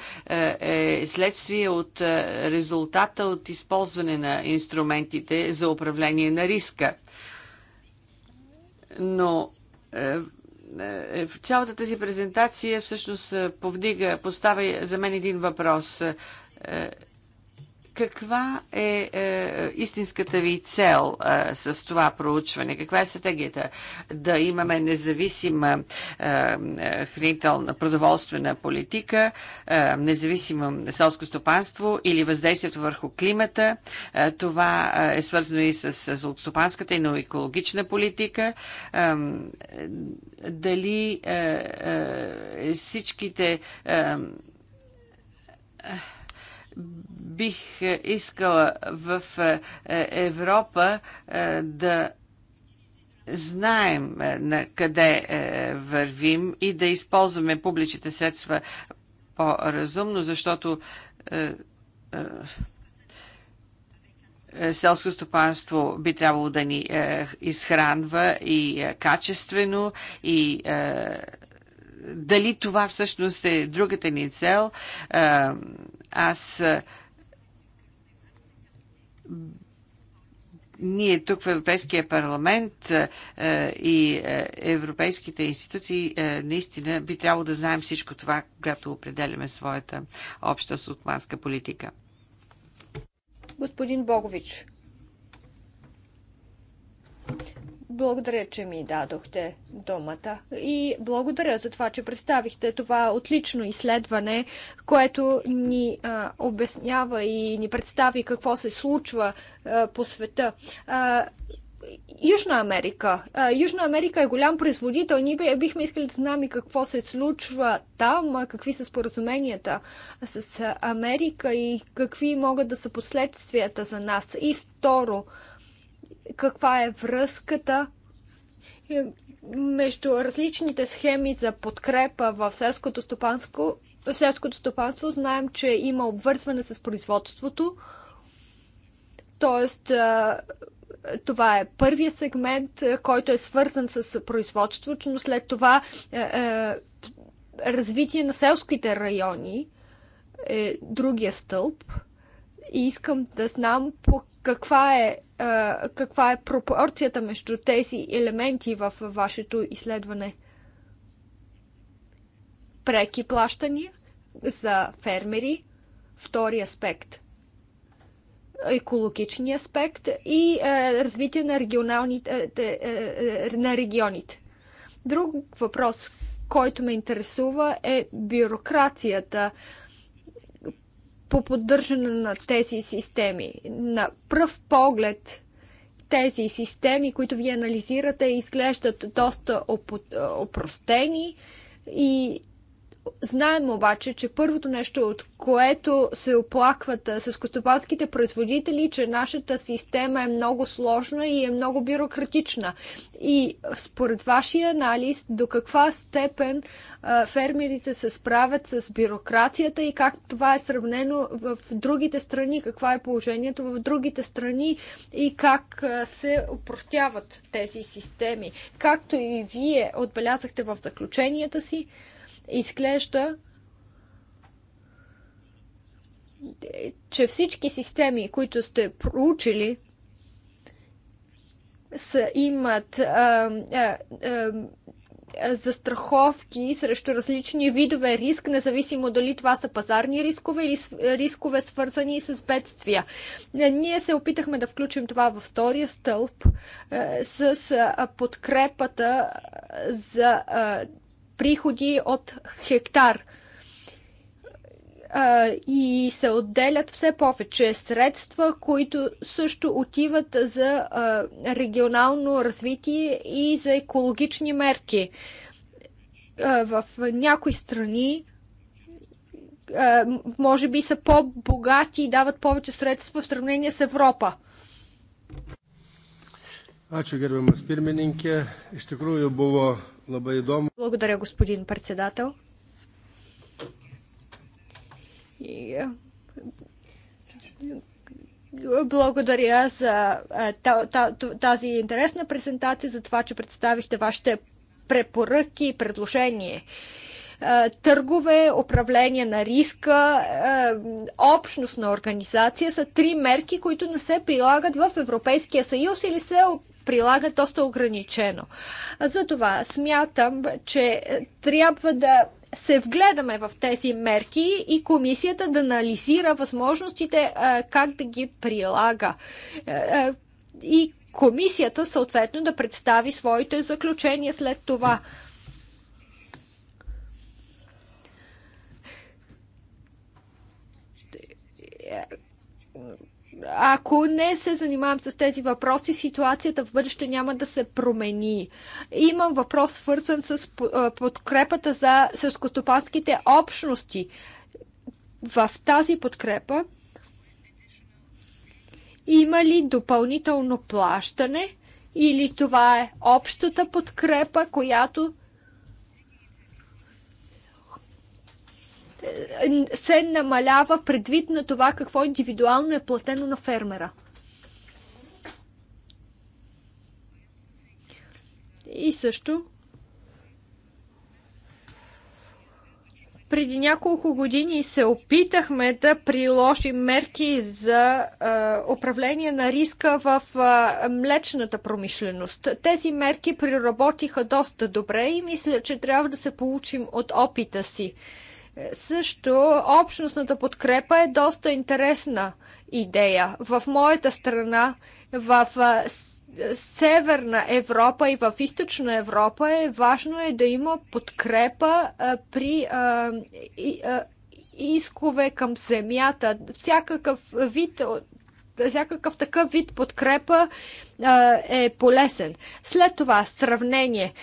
е следствие от е, резултата от използване на инструментите за управление на риска. Но е, е, е, цялата тази презентация всъщност е, повдига, поставя за мен един въпрос каква е, е истинската ви цел е, с това проучване? Каква е стратегията? Да имаме независима е, е хранителна продоволствена политика, е, независимо селско стопанство или въздействието върху климата. Е, това е, е свързано и с, с злокостопанската и на екологична политика. Е, е, дали е, е, всичките. Е, е бих е, искала в е, е, Европа да знаем на къде вървим и да използваме публичните средства по-разумно, защото селско стопанство би трябвало да ни изхранва и качествено и дали това всъщност е другата ни цел. Аз ние тук в Европейския парламент е, е и е, европейските институции е, наистина би трябвало да знаем всичко това, когато определяме своята обща сутманска политика. Господин Богович, благодаря, че ми дадохте думата и благодаря за това, че представихте това отлично изследване, което ни а, обяснява и ни представи какво се случва а, по света. А, Южна Америка. Южна Америка е голям производител. Ние бихме искали да знаем какво се случва там, какви са споразуменията с Америка и какви могат да са последствията за нас. И второ, каква е връзката е, между различните схеми за подкрепа в селското стопанство. В селското стопанство знаем, че има обвързване с производството. Тоест, е, това е първия сегмент, е, който е свързан с производството, но след това е, е, развитие на селските райони е другия стълб. И искам да знам по каква е, а, каква е пропорцията между тези елементи в вашето изследване? Преки плащания за фермери, втори аспект екологични аспект и а, развитие на, регионалните, е, а, на регионите. Друг въпрос, който ме интересува е бюрокрацията. А, по поддържане на тези системи. На пръв поглед тези системи, които ви анализирате, изглеждат доста е, опростени и Знаем обаче, че първото нещо, от което се оплакват с костопанските производители, че нашата система е много сложна и е много бюрократична. И според вашия анализ, до каква степен фермерите се справят с бюрокрацията и как това е сравнено в другите страни, каква е положението в другите страни и как се упростяват тези системи. Както и вие отбелязахте в заключенията си, изглежда, че всички системи, които сте проучили, са, имат а, а, а, застраховки срещу различни видове риск, независимо дали това са пазарни рискове или рискове свързани с бедствия. Ние се опитахме да включим това в втория стълб с подкрепата за приходи от хектар и се отделят все повече средства, които също отиват за регионално развитие и за екологични мерки. В някои страни може би са по-богати и дават повече средства в сравнение с Европа. Ačiū gerbiamas pirmininkė. Iš tikrųjų buvo благодаря, господин председател. Е, благодаря за е, тази интересна презентация, за това, че представихте вашите препоръки и предложения е, търгове, управление на риска, общностна организация са три мерки, които не се прилагат в Европейския съюз или се прилага доста ограничено. Затова смятам, че трябва да се вгледаме в тези мерки и комисията да анализира възможностите как да ги прилага. И комисията съответно да представи своите заключения след това ако не се занимавам с тези въпроси, ситуацията в бъдеще няма да се промени. Имам въпрос свързан с подкрепата за сърскостопанските общности. В тази подкрепа има ли допълнително плащане или това е общата подкрепа, която се намалява предвид на това какво индивидуално е платено на фермера. И също преди няколко години се опитахме да приложим мерки за е, управление на риска в е, млечната промишленост. Тези мерки приработиха доста добре и мисля, че трябва да се получим от опита си. Също общностната подкрепа е доста интересна идея. В моята страна, в Северна Европа и в Източна Европа е важно е да има подкрепа при искове към земята. Всякакъв вид всякакъв такъв вид подкрепа е полезен. След това сравнение.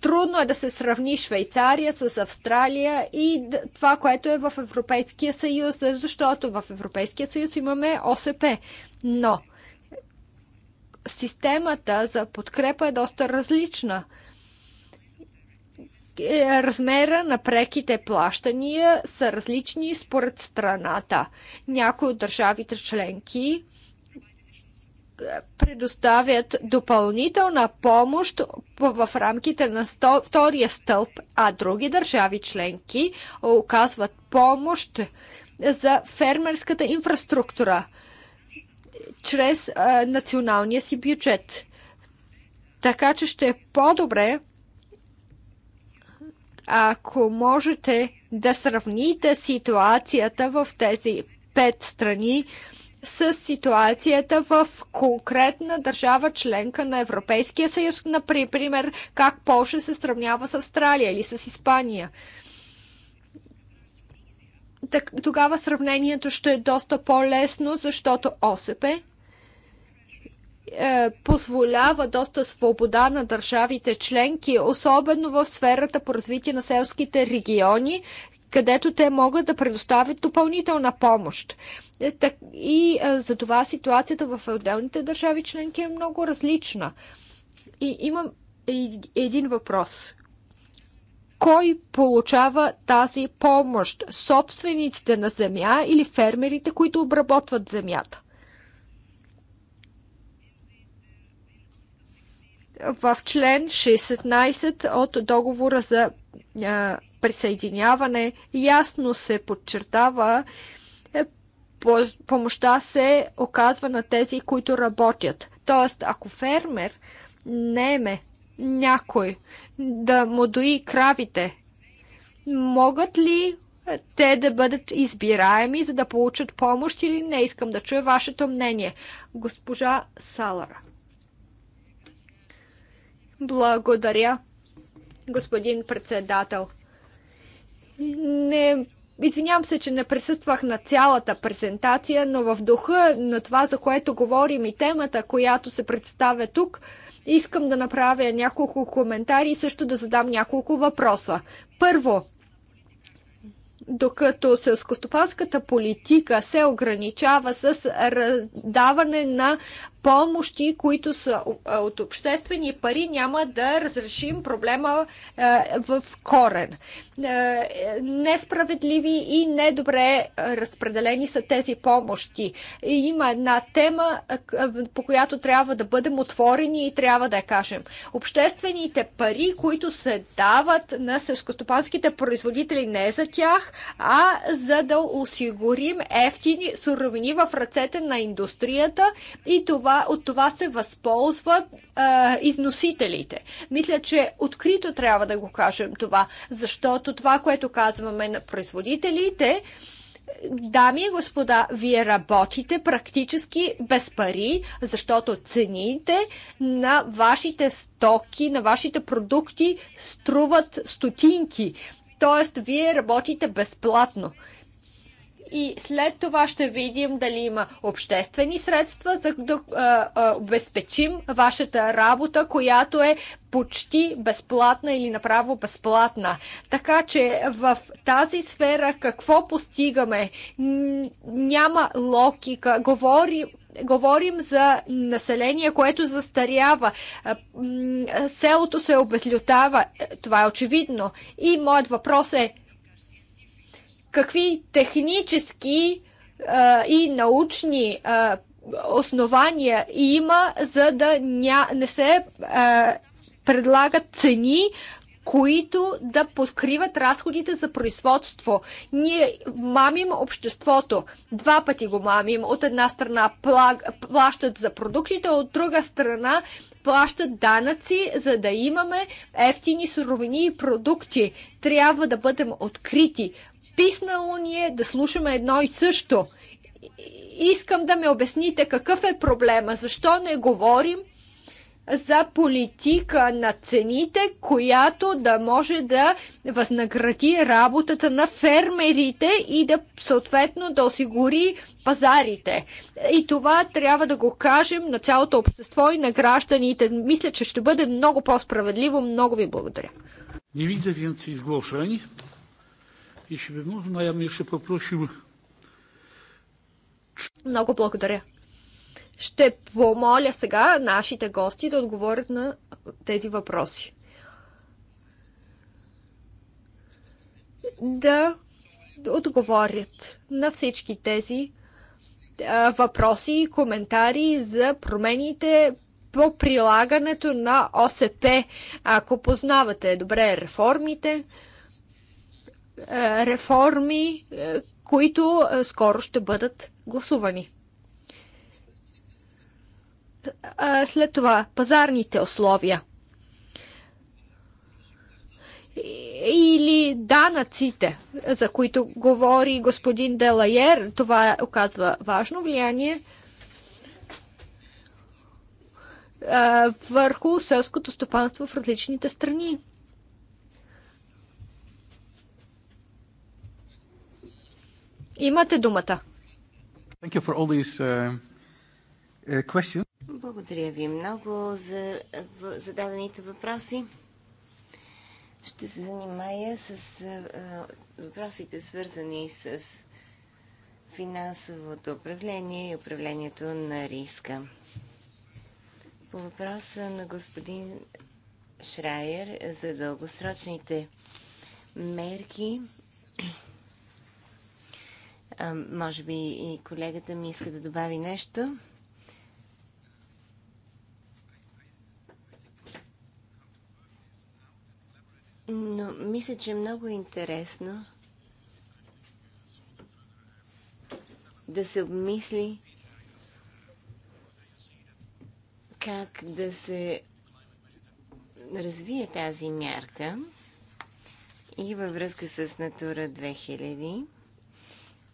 Трудно е да се сравни Швейцария с Австралия и това, което е в Европейския съюз, защото в Европейския съюз имаме ОСП. Но системата за подкрепа е доста различна. Е, размера на преките плащания са различни според страната. Някои от държавите членки предоставят допълнителна помощ в рамките на втория стълб, а други държави членки оказват помощ за фермерската инфраструктура чрез а, националния си бюджет. Така че ще е по-добре, ако можете да сравните ситуацията в тези пет страни, с ситуацията в конкретна държава членка на Европейския съюз, например как Польша се сравнява с Австралия или с Испания. Тогава сравнението ще е доста по-лесно, защото ОСП е, позволява доста свобода на държавите членки, особено в сферата по развитие на селските региони, където те могат да предоставят допълнителна помощ. Е, и за това ситуацията в отделните държави членки е много различна. И имам един въпрос кой получава тази помощ? Собствениците на земя или фермерите, които обработват земята? В член 16 от договора за присъединяване ясно се подчертава, е, помощта се оказва на тези, които работят. Тоест, ако фермер неме някой да му дои кравите, могат ли е, те да бъдат избираеми, за да получат помощ или не? Искам да чуя вашето мнение. Госпожа Салара. Благодаря, господин председател. Не Извинявам се, че не присъствах на цялата презентация, но в духа на това, за което говорим и темата, която се представя тук, искам да направя няколко коментари и също да задам няколко въпроса. Първо, докато селскостопанската политика се ограничава с даване на помощи, които са от обществени пари, няма да разрешим проблема в корен. Е, несправедливи и недобре разпределени са тези помощи. Има една тема, по която трябва да бъдем отворени и трябва да я кажем. Обществените пари, които се дават на сърскостопанските производители не за тях, а за да осигурим ефтини суровини в ръцете на индустрията и това това, от това се възползват а, износителите. Мисля, че открито трябва да го кажем това, защото това, което казваме на производителите, Дами и господа, вие работите практически без пари, защото цените на вашите стоки, на вашите продукти струват стотинки. Тоест, вие работите безплатно и след това ще видим дали има обществени средства, за да обезпечим вашата работа, която е почти безплатна или направо безплатна. Така че в тази сфера какво постигаме? Няма логика. Говорим говорим за население, което застарява. Селото се обезлютава. Е, това е очевидно. И моят въпрос е, какви технически а, и научни а, основания има, за да ня, не се а, предлагат цени, които да подкриват разходите за производство. Ние мамим обществото. Два пъти го мамим. От една страна плащат за продуктите, от друга страна плащат данъци, за да имаме ефтини суровини и продукти. Трябва да бъдем открити писнало ни е да слушаме едно и също. Искам да ме обясните какъв е проблема, защо не говорим за политика на цените, която да може да възнагради работата на фермерите и да съответно да осигури пазарите. И това трябва да го кажем на цялото общество и на гражданите. Мисля, че ще бъде много по-справедливо. Много ви благодаря. Не видя więcej zgłoszeń. Jeśli by można, ja bym jeszcze poprosił... Много благодаря. Ще помоля сега нашите гости да отговорят на тези въпроси. Да отговорят на всички тези въпроси и коментари за промените по прилагането на ОСП, ако познавате добре реформите. Е, реформи, е, които е, скоро ще бъдат гласувани. След това пазарните условия или данъците, за които говори господин Делайер, това оказва важно влияние върху селското стопанство в различните страни. Имате думата. Uh, uh, Благодаря ви много за зададените въпроси. Ще се занимая с въпросите, свързани с финансовото управление и управлението на риска. По въпроса на господин Шрайер за дългосрочните мерки а, може би и колегата ми иска да добави нещо. Но мисля, че е много интересно да се обмисли как да се развие тази мярка и във връзка с Натура 2000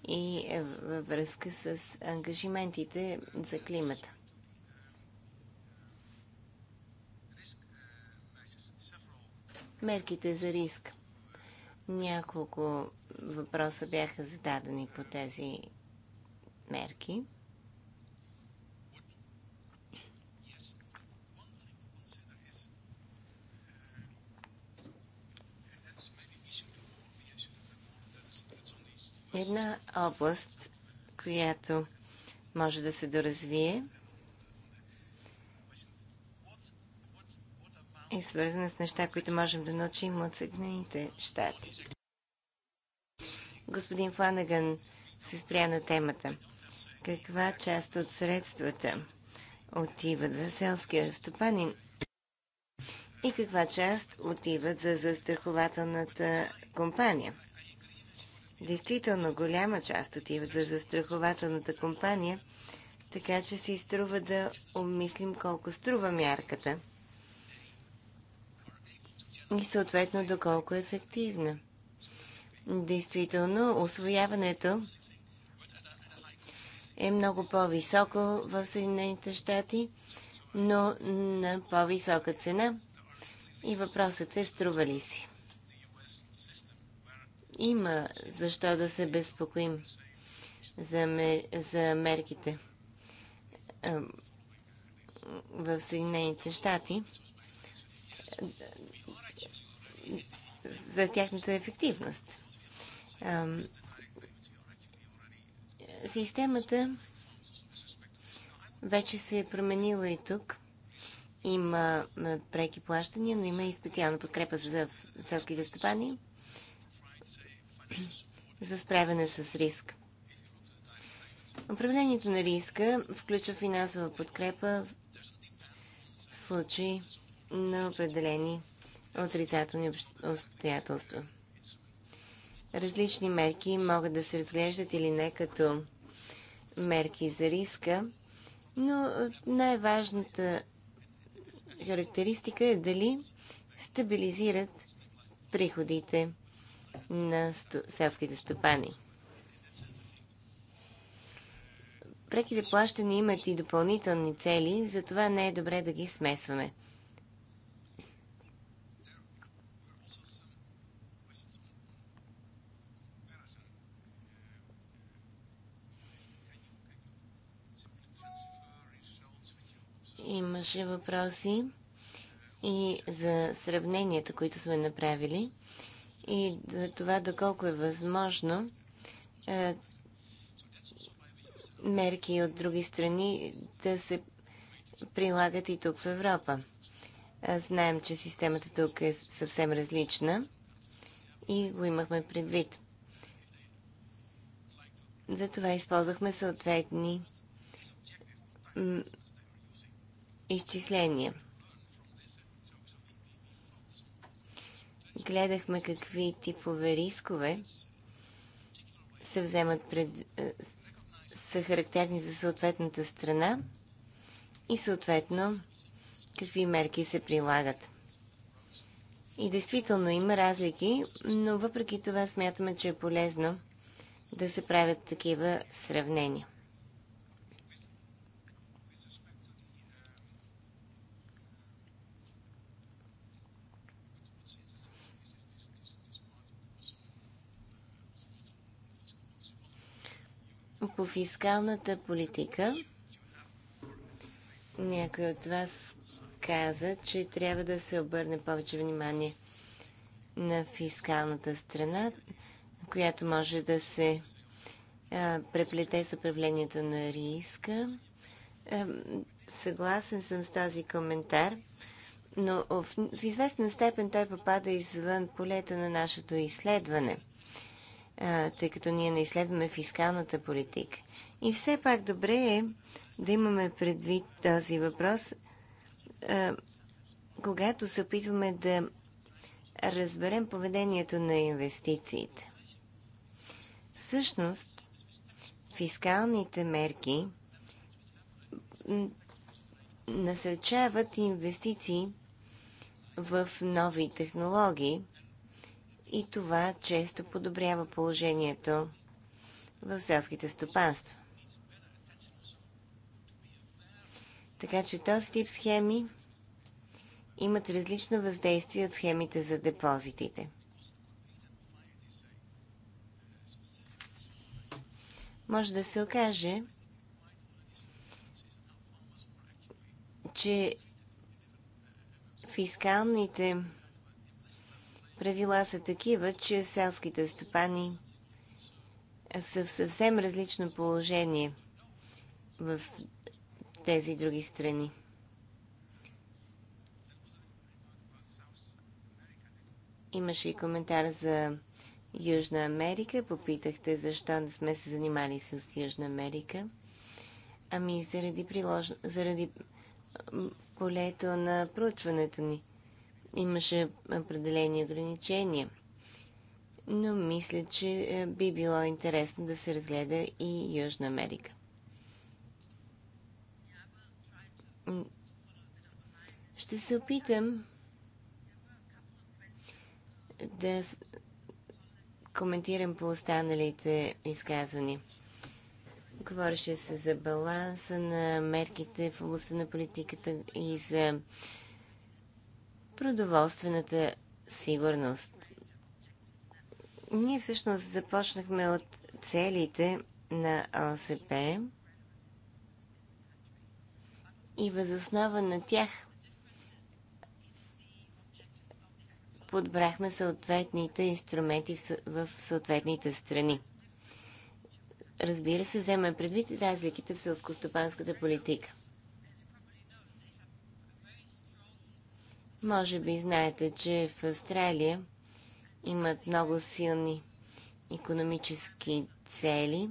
и е, във връзка с ангажиментите за климата. Мерките за риск. Няколко въпроса бяха зададени по тези мерки. Една област, която може да се доразвие, е свързана с неща, които можем да научим от Съединените щати. Господин Фанаган се спря на темата. Каква част от средствата отиват за селския стопанин и каква част отиват за застрахователната компания? действително голяма част отиват за застрахователната компания, така че се изтрува да обмислим колко струва мярката и съответно доколко е ефективна. Действително, освояването е много по-високо в Съединените щати, но на по-висока цена. И въпросът е струва ли си? Има защо да се безпокоим за, мер... за мерките в Съединените щати за тяхната ефективност. Системата вече се е променила и тук. Има преки плащания, но има и специална подкрепа за селските стопани за справяне с риск. Управлението на риска включва финансова подкрепа в случай на определени отрицателни обстоятелства. Различни мерки могат да се разглеждат или не като мерки за риска, но най-важната характеристика е дали стабилизират приходите на селските стопани. Преките плащания имат и допълнителни цели, затова не е добре да ги смесваме. Имаше въпроси и за сравненията, които сме направили и за това доколко е възможно е, мерки от други страни да се прилагат и тук в Европа. Е, знаем, че системата тук е съвсем различна и го имахме предвид. Затова използвахме съответни изчисления. гледахме какви типове рискове се вземат пред, е, са характерни за съответната страна и съответно какви мерки се прилагат. И действително има разлики, но въпреки това смятаме, че е полезно да се правят такива сравнения. по фискалната политика. Някой от вас каза, че трябва да се обърне повече внимание на фискалната страна, която може да се а, преплете с управлението на риска. А, съгласен съм с този коментар, но в, в известна степен той попада извън полето на нашето изследване – тъй като ние не изследваме фискалната политика. И все пак добре е да имаме предвид този въпрос, когато се опитваме да разберем поведението на инвестициите. Всъщност, фискалните мерки насърчават инвестиции в нови технологии – и това често подобрява положението в селските стопанства. Така че този тип схеми имат различно въздействие от схемите за депозитите. Може да се окаже, че фискалните правила са такива, че селските стопани са в съвсем различно положение в тези други страни. Имаше и коментар за Южна Америка. Попитахте защо не сме се занимали с Южна Америка. Ами заради, прилож... заради полето на проучването ни – имаше определени ограничения. Но мисля, че е, би било интересно да се разгледа и Южна Америка. Ще се опитам да коментирам по останалите изказвания. Говореше се за баланса на мерките в областта на политиката и за продоволствената сигурност. Ние всъщност започнахме от целите на ОСП и възоснова на тях подбрахме съответните инструменти в съответните страни. Разбира се, вземе предвид разликите в селскостопанската политика. Може би знаете, че в Австралия имат много силни економически цели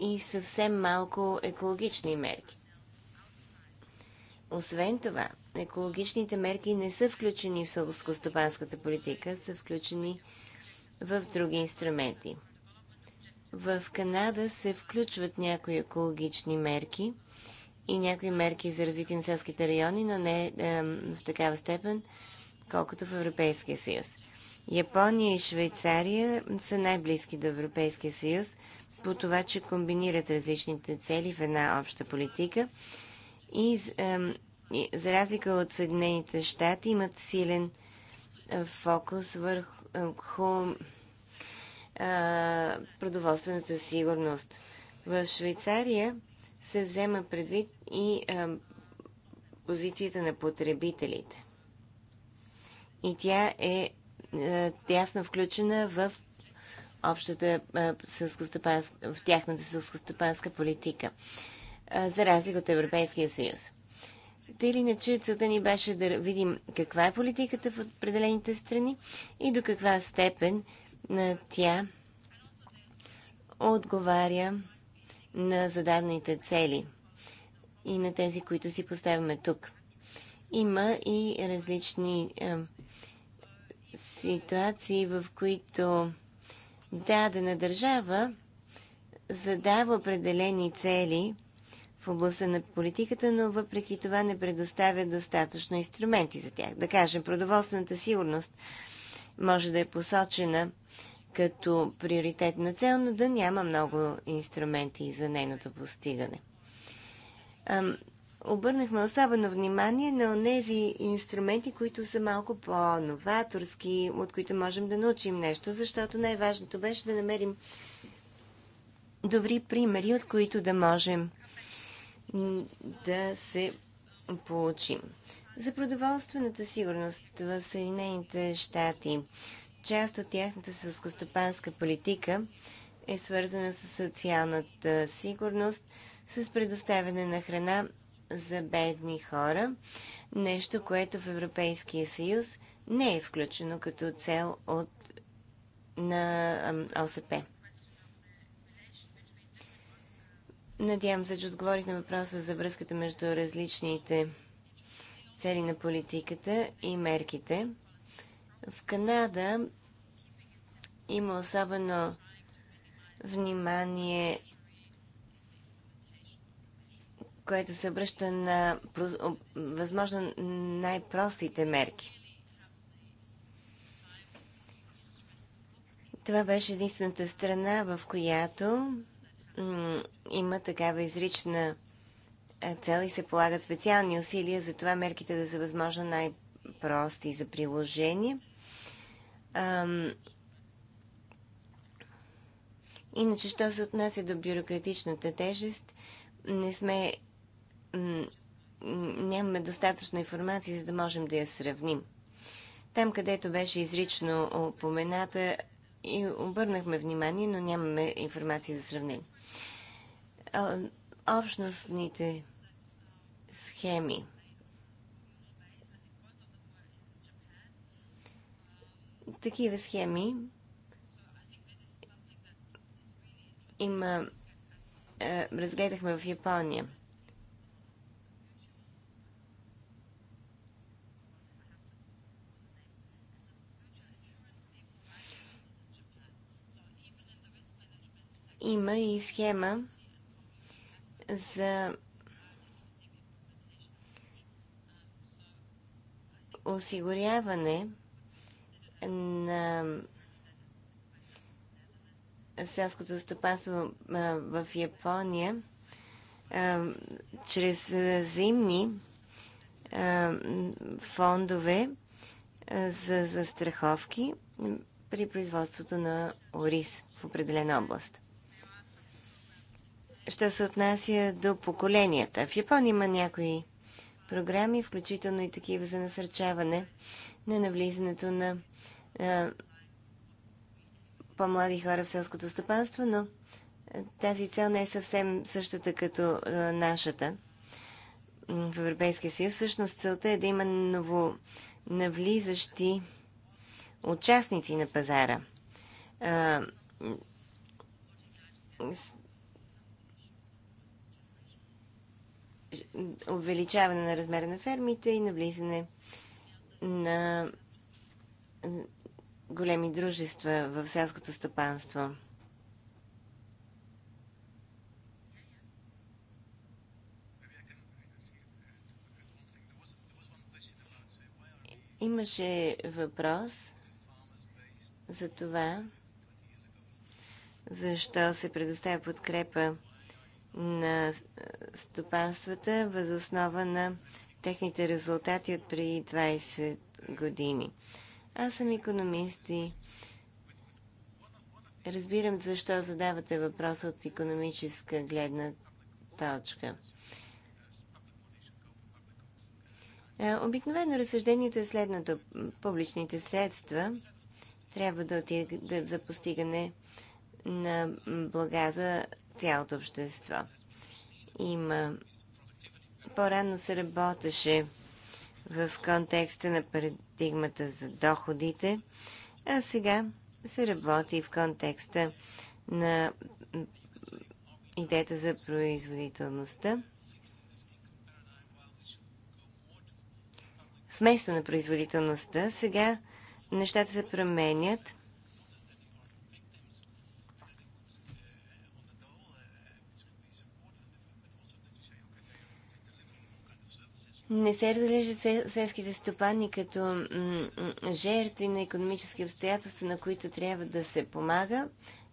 и съвсем малко екологични мерки. Освен това, екологичните мерки не са включени в сълскостопанската политика, са включени в други инструменти. В Канада се включват някои екологични мерки – и някои мерки за развитие на селските райони, но не в такава степен, колкото в Европейския съюз. Япония и Швейцария са най-близки до Европейския съюз по това, че комбинират различните цели в една обща политика и за разлика от Съединените щати имат силен е, фокус върху е, е, продоволствената сигурност. В Швейцария се взема предвид и а, позицията на потребителите. И тя е а, тясно включена в общата а, в тяхната сълскостопанска политика, а, за разлика от Европейския съюз. Те или иначе, целта ни беше да видим каква е политиката в определените страни и до каква степен на тя отговаря на зададените цели и на тези, които си поставяме тук. Има и различни е, ситуации, в които дадена държава задава определени цели в областта на политиката, но въпреки това не предоставя достатъчно инструменти за тях. Да кажем, продоволствената сигурност може да е посочена като приоритетна цел, но да няма много инструменти за нейното постигане. Обърнахме особено внимание на тези инструменти, които са малко по-новаторски, от които можем да научим нещо, защото най-важното беше да намерим добри примери, от които да можем да се получим. За продоволствената сигурност в Съединените щати Част от тяхната сълскостопанска политика е свързана с социалната сигурност, с предоставяне на храна за бедни хора, нещо, което в Европейския съюз не е включено като цел от, на ОСП. Надявам се, че отговорих на въпроса за връзката между различните цели на политиката и мерките. В Канада има особено внимание, което се обръща на възможно най-простите мерки. Това беше единствената страна, в която има такава изрична цел и се полагат специални усилия за това мерките да са възможно най-прости за приложение. Иначе, що се отнася до бюрократичната тежест, не сме. нямаме достатъчно информация, за да можем да я сравним. Там, където беше изрично упомената, и обърнахме внимание, но нямаме информация за сравнение. Общностните схеми. Такива схеми има, е, разгледахме в Япония. Има и схема за осигуряване на селското стопанство в Япония чрез взаимни фондове за застраховки при производството на ориз в определена област. Що се отнася до поколенията? В Япония има някои програми, включително и такива за насърчаване на навлизането на по-млади хора в селското стопанство, но е, тази цел не е съвсем същата като е, нашата в Европейския съюз. Всъщност целта е да има ново навлизащи участници на пазара. увеличаване на размера на фермите и навлизане на големи дружества в селското стопанство. Имаше въпрос за това, защо се предоставя подкрепа на стопанствата възоснова на техните резултати от преди 20 години. Аз съм економист и разбирам защо задавате въпроса от економическа гледна точка. Обикновено разсъждението е следното. Публичните средства трябва да отидат за постигане на блага за цялото общество. Има по-рано се работеше в контекста на пред стигмата за доходите, а сега се работи в контекста на идеята за производителността. Вместо на производителността, сега нещата се променят – не се разглежда селските стопани като жертви на економически обстоятелства, на които трябва да се помага,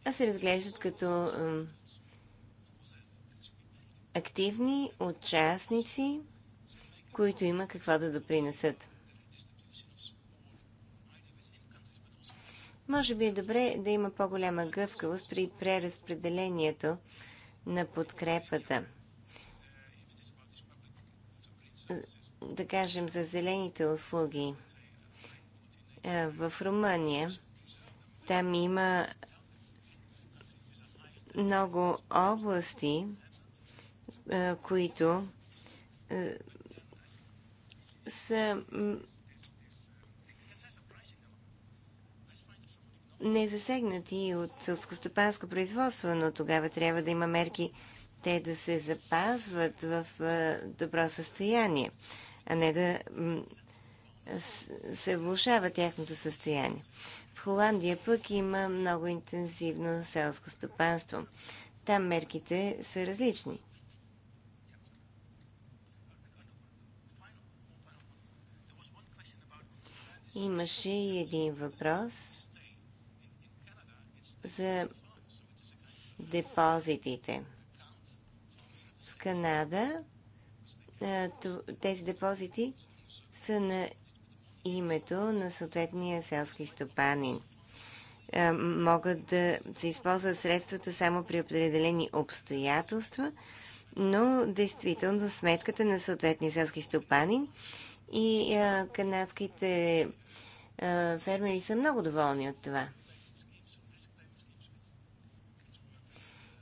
а се разглеждат като активни участници, които има какво да допринесат. Може би е добре да има по-голяма гъвкавост при преразпределението на подкрепата – да кажем, за зелените услуги. Е, в Румъния там има много области, е, които е, са незасегнати от сълскостопанско производство, но тогава трябва да има мерки те да се запазват в добро състояние, а не да се влушава тяхното състояние. В Холандия пък има много интензивно селско стопанство. Там мерките са различни. Имаше и един въпрос за депозитите. Канада тези депозити са на името на съответния селски стопанин. Могат да се използват средствата само при определени обстоятелства, но действително сметката на съответния селски стопанин и канадските фермери са много доволни от това.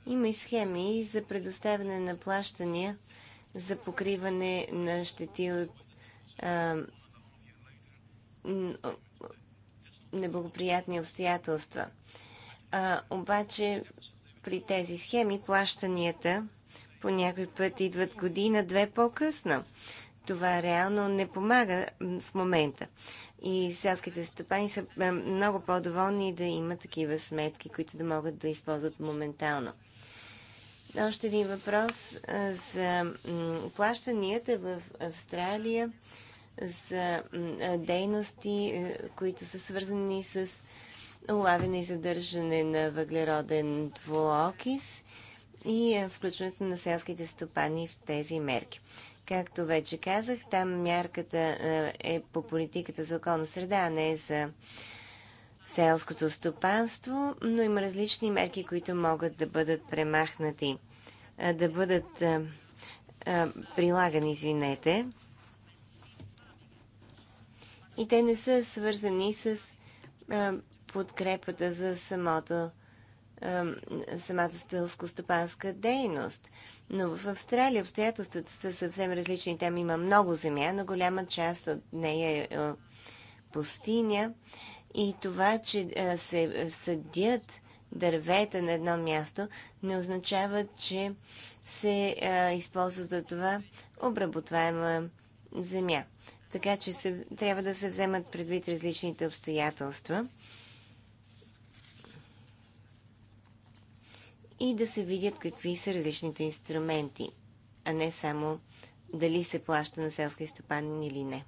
Има и схеми за предоставяне на плащания за покриване на щети от а, неблагоприятни обстоятелства. А, обаче при тези схеми плащанията по някой път идват година-две по-късно. Това реално не помага в момента. И селските стопани са много по-доволни да има такива сметки, които да могат да използват моментално. Още един въпрос за плащанията в Австралия за дейности, които са свързани с улавяне и задържане на въглероден двуокис и включването на селските стопани в тези мерки. Както вече казах, там мярката е по политиката за околна среда, а не за селското стопанство, но има различни мерки, които могат да бъдат премахнати, да бъдат прилагани, извинете. И те не са свързани с подкрепата за самото, самата стълско-стопанска дейност. Но в Австралия обстоятелствата са съвсем различни. Там има много земя, но голяма част от нея е, е пустиня и това, че се съдят дървета на едно място, не означава, че се използва за това обработваема земя. Така че се, трябва да се вземат предвид различните обстоятелства и да се видят какви са различните инструменти, а не само дали се плаща на селски стопанин или не.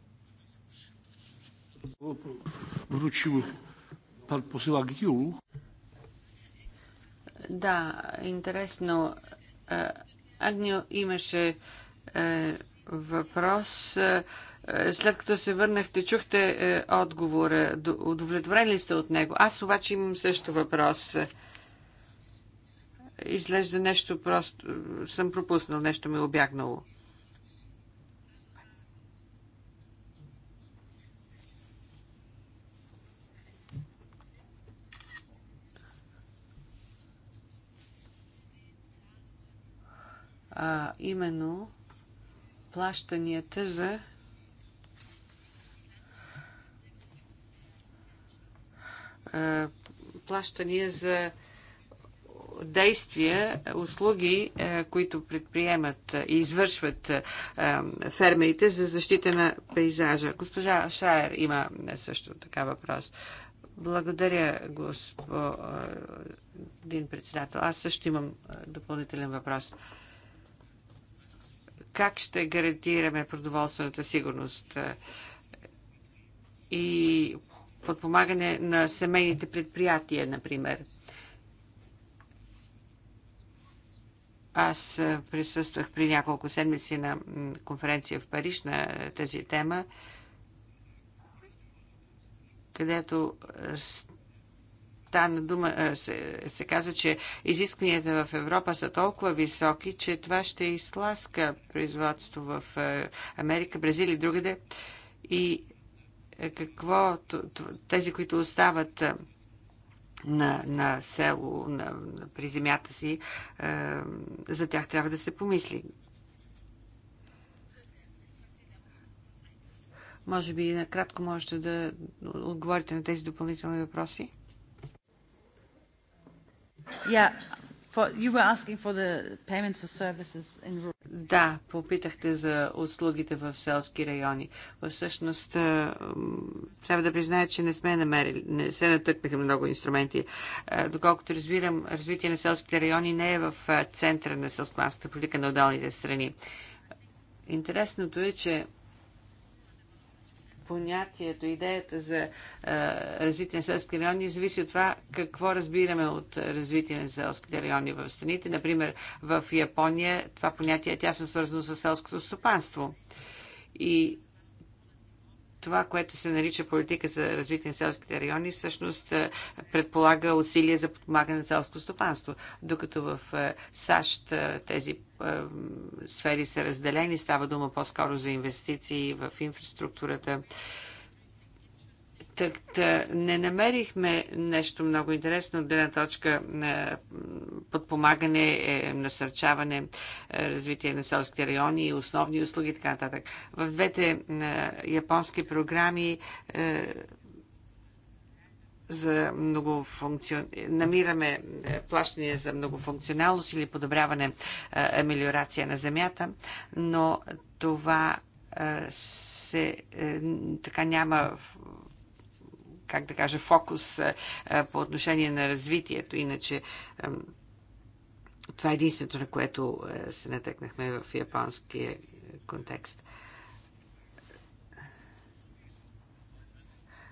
Да, интересно. Агнио имаше въпрос. След като се върнахте, чухте отговора. Удовлетворен ли сте от него? Аз обаче имам също въпрос. Изглежда нещо просто... Съм пропуснал, нещо ми обягнало. а именно плащанията за а, плащания за действия, услуги, които предприемат и извършват фермерите за защита на пейзажа. Госпожа Шаер има също така въпрос. Благодаря, господин председател. Аз също имам допълнителен въпрос. Как ще гарантираме продоволствената сигурност и подпомагане на семейните предприятия, например? Аз присъствах при няколко седмици на конференция в Париж на тази тема, където стана дума, се, се каза, че изискванията в Европа са толкова високи, че това ще изтласка производство в Америка, Бразилия и другаде. И какво тези, които остават на, на село, на, на, при земята си, е, за тях трябва да се помисли. Може би накратко можете да отговорите на тези допълнителни въпроси. Yeah, for, you were asking for the payments for services in rural. Да, попитахте за услугите в селски райони. Всъщност, е, трябва да призная, че не сме намерили, не се натъкнаха много инструменти. Е, доколкото разбирам, развитие на селските райони не е в е, центъра на селскостопанската политика на отдалните страни. Интересното е, че понятието, идеята за а, развитие на селските райони зависи от това какво разбираме от развитие на селските райони в страните. Например, в Япония това понятие е тясно свързано с селското стопанство. И това, което се нарича политика за развитие на селските райони, всъщност е, предполага усилия за подпомагане на селско стопанство. Докато в е, САЩ е, тези сфери са разделени, става дума по-скоро за инвестиции в инфраструктурата, Так, не намерихме нещо много интересно от гледна точка на подпомагане, е, насърчаване, е, развитие на селските райони, основни услуги и така нататък. В двете японски програми е, за многофункцион... намираме плащания за многофункционалност или подобряване амелиорация на земята, но това се така няма как да кажа, фокус по отношение на развитието. Иначе това е единственото, на което се натъкнахме в японския контекст.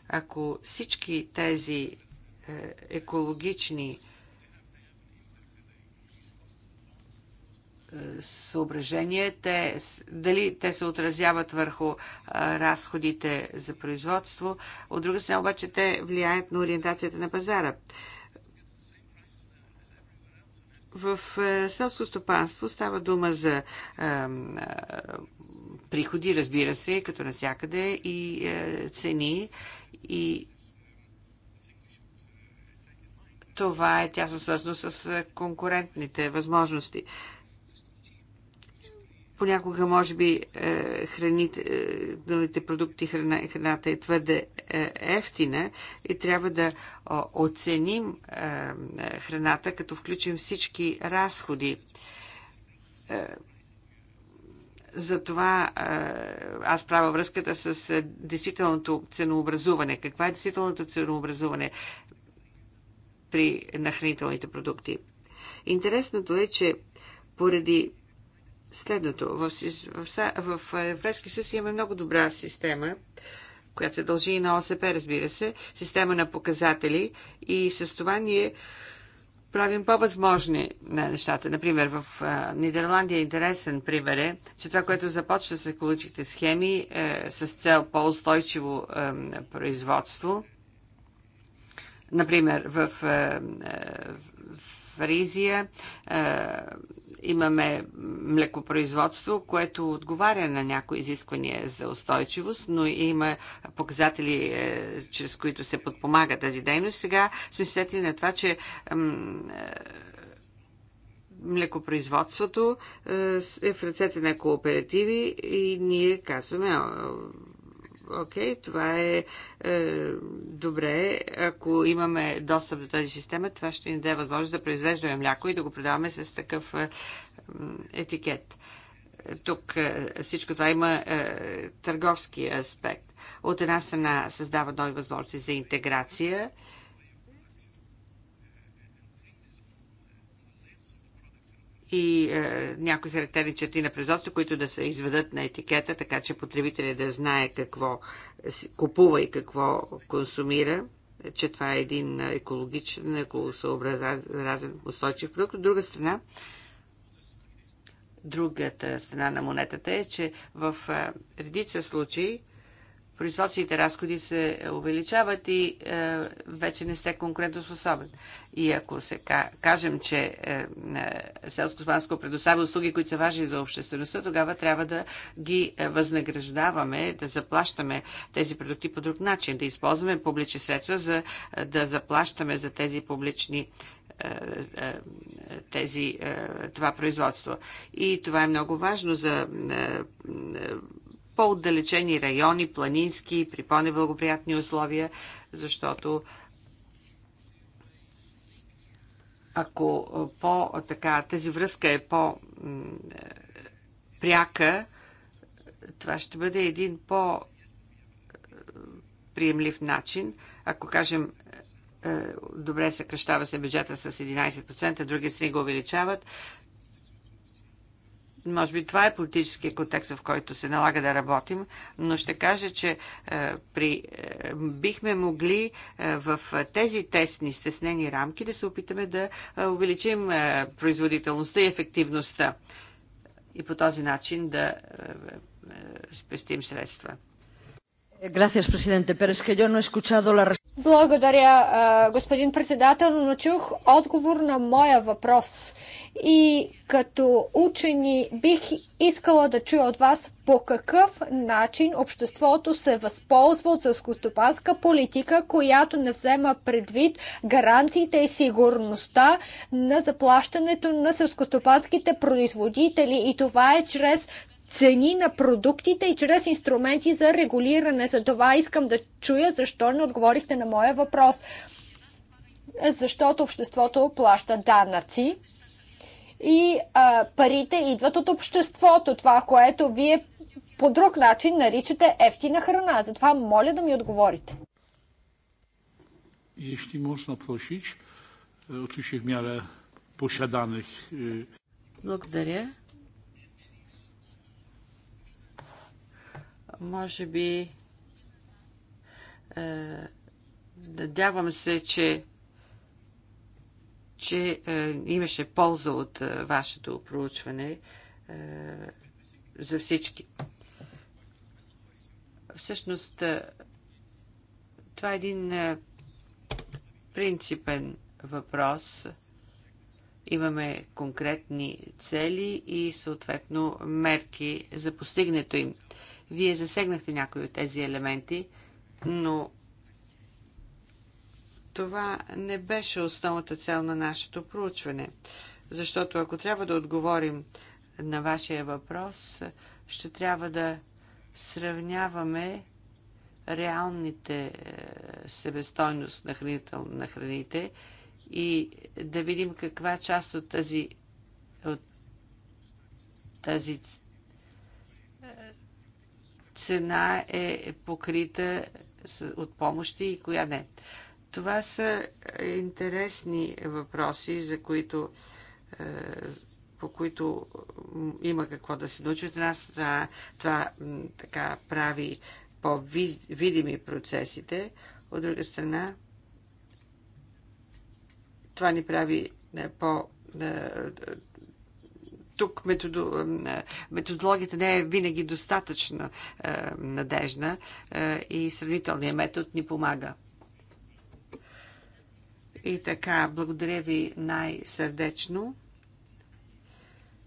Ако всички тези е, екологични съображения, те, дали те се отразяват върху разходите за производство. От друга страна обаче те влияят на ориентацията на пазара. В селско стопанство става дума за приходи, разбира се, като навсякъде, и цени. И това е тясно свързано с конкурентните възможности. Понякога, може би, е, хранителните е, продукти, храна, храната е твърде е, ефтина и трябва да оценим храната, като включим всички разходи. Затова аз правя връзката с действителното ценообразуване. Каква е действителното ценообразуване при, нахранителните продукти? Интересното е, че поради следното. В, Европейския съюз имаме много добра система, която се дължи и на ОСП, разбира се, система на показатели и с това ние правим по-възможни на нещата. Например, в Нидерландия е интересен пример е, че това, което започва с екологичните схеми е, с цел по-устойчиво е, производство, например, в, е, е в Фризия, е, Имаме млекопроизводство, което отговаря на някои изисквания за устойчивост, но има показатели, е, чрез които се подпомага тази дейност. Сега сме свидетели на това, че е, млекопроизводството е, е в ръцете на кооперативи и ние казваме окей, това е, е добре. Ако имаме достъп до тази система, това ще ни даде възможност да произвеждаме мляко и да го продаваме с такъв е, етикет. Тук е, всичко това има е, търговски аспект. От една страна създава нови възможности за интеграция. Е, и е, някои характерни черти на производство, които да се изведат на етикета, така че потребителят да знае какво купува и какво консумира, че това е един екологичен, екологосъобразен, устойчив продукт. От друга страна, другата страна на монетата е, че в е, редица случаи производствените разходи се увеличават и е, вече не сте конкурентоспособен. И ако се кажем, че е, е, селско-спанско предоставя услуги, които са важни за обществеността, тогава трябва да ги е, възнаграждаваме, да заплащаме тези продукти по друг начин, да използваме публични средства, за е, да заплащаме за тези публични е, тези, това производство. И това е много важно за по-отдалечени райони, планински, при по-неблагоприятни условия, защото ако по, така, тази връзка е по-пряка, е, това ще бъде един по- е, приемлив начин. Ако кажем, е, добре съкръщава се бюджета с 11%, други страни го увеличават, може би това е политическия контекст, в който се налага да работим, но ще кажа, че е, при, е, бихме могли е, в тези тесни, стеснени рамки да се опитаме да увеличим е, производителността и ефективността и по този начин да е, е, спестим средства. Gracias, presidente, pero es que yo no he escuchado la благодаря, господин председател, но чух отговор на моя въпрос. И като учени бих искала да чуя от вас по какъв начин обществото се възползва от селскостопанска политика, която не взема предвид гарантиите и сигурността на заплащането на селскостопанските производители. И това е чрез цени на продуктите и чрез инструменти за регулиране. За това искам да чуя защо не отговорихте на моя въпрос. Защото обществото плаща данъци и а, парите идват от обществото. Това, което вие по друг начин наричате ефтина храна. Затова моля да ми отговорите. Jeśli można prosić, e, oczywiście в мяра пошаданих. Благодаря. Може би е, надявам се, че че е, имаше полза от е, вашето проучване е, за всички. Всъщност, е, това е един е, принципен въпрос. Имаме конкретни цели и съответно мерки за постигнето им. Е, вие засегнахте някои от тези елементи, но това не беше основната цел на нашето проучване. Защото ако трябва да отговорим на вашия въпрос, ще трябва да сравняваме реалните е, себестойност на, хранител, на храните и да видим каква част от тази, от тази цена е покрита от помощи и коя не. Това са интересни въпроси, за които, е, по които има какво да се научи от нас. Това, това така прави по-видими процесите. От друга страна, това ни прави е, по е, тук методо, е, методологията не е винаги достатъчно е, надежна е, и сравнителният метод ни помага. И така, благодаря ви най-сърдечно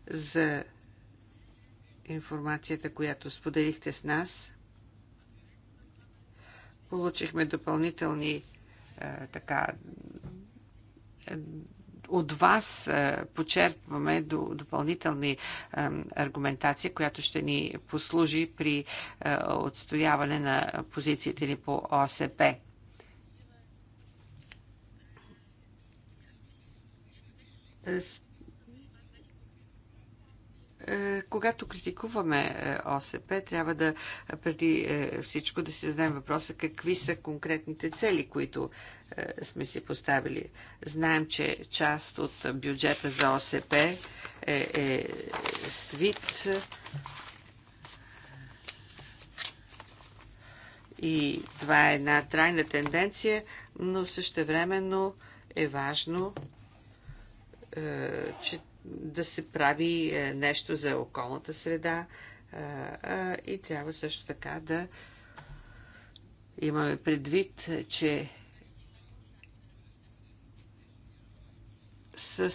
за информацията, която споделихте с нас. Получихме допълнителни е, така от вас е, почерпваме до допълнителни е, аргументации, която ще ни послужи при е, отстояване на позициите ни по ОСП. Е, когато критикуваме е, ОСП, трябва да преди е, всичко да си зададем въпроса какви са конкретните цели, които сме си поставили. Знаем, че част от бюджета за ОСП е, е свит и това е една трайна тенденция, но също времено е важно, е, че да се прави е, нещо за околната среда е, е, и трябва също така да имаме предвид, че с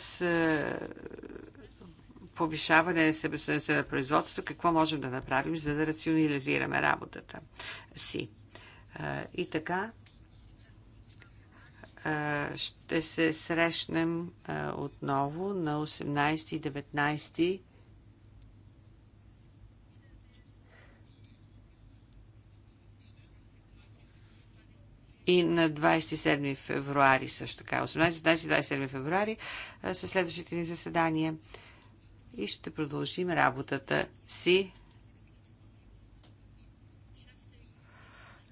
повишаване на себестоеността на производството, какво можем да направим, за да рационализираме работата си. и така, ще се срещнем отново на 18 и 19 и на 27 февруари също така. 18, 19, 27 февруари са следващите ни заседания и ще продължим работата си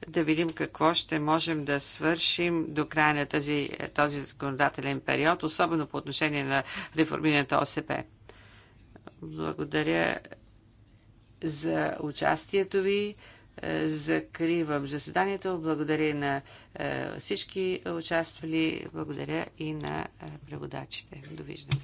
да видим какво ще можем да свършим до края на тази, този законодателен период, особено по отношение на реформирането ОСП. Благодаря за участието ви. Е, закривам заседанието. Благодаря на е, всички участвали. Благодаря и на е, преводачите. Довиждане.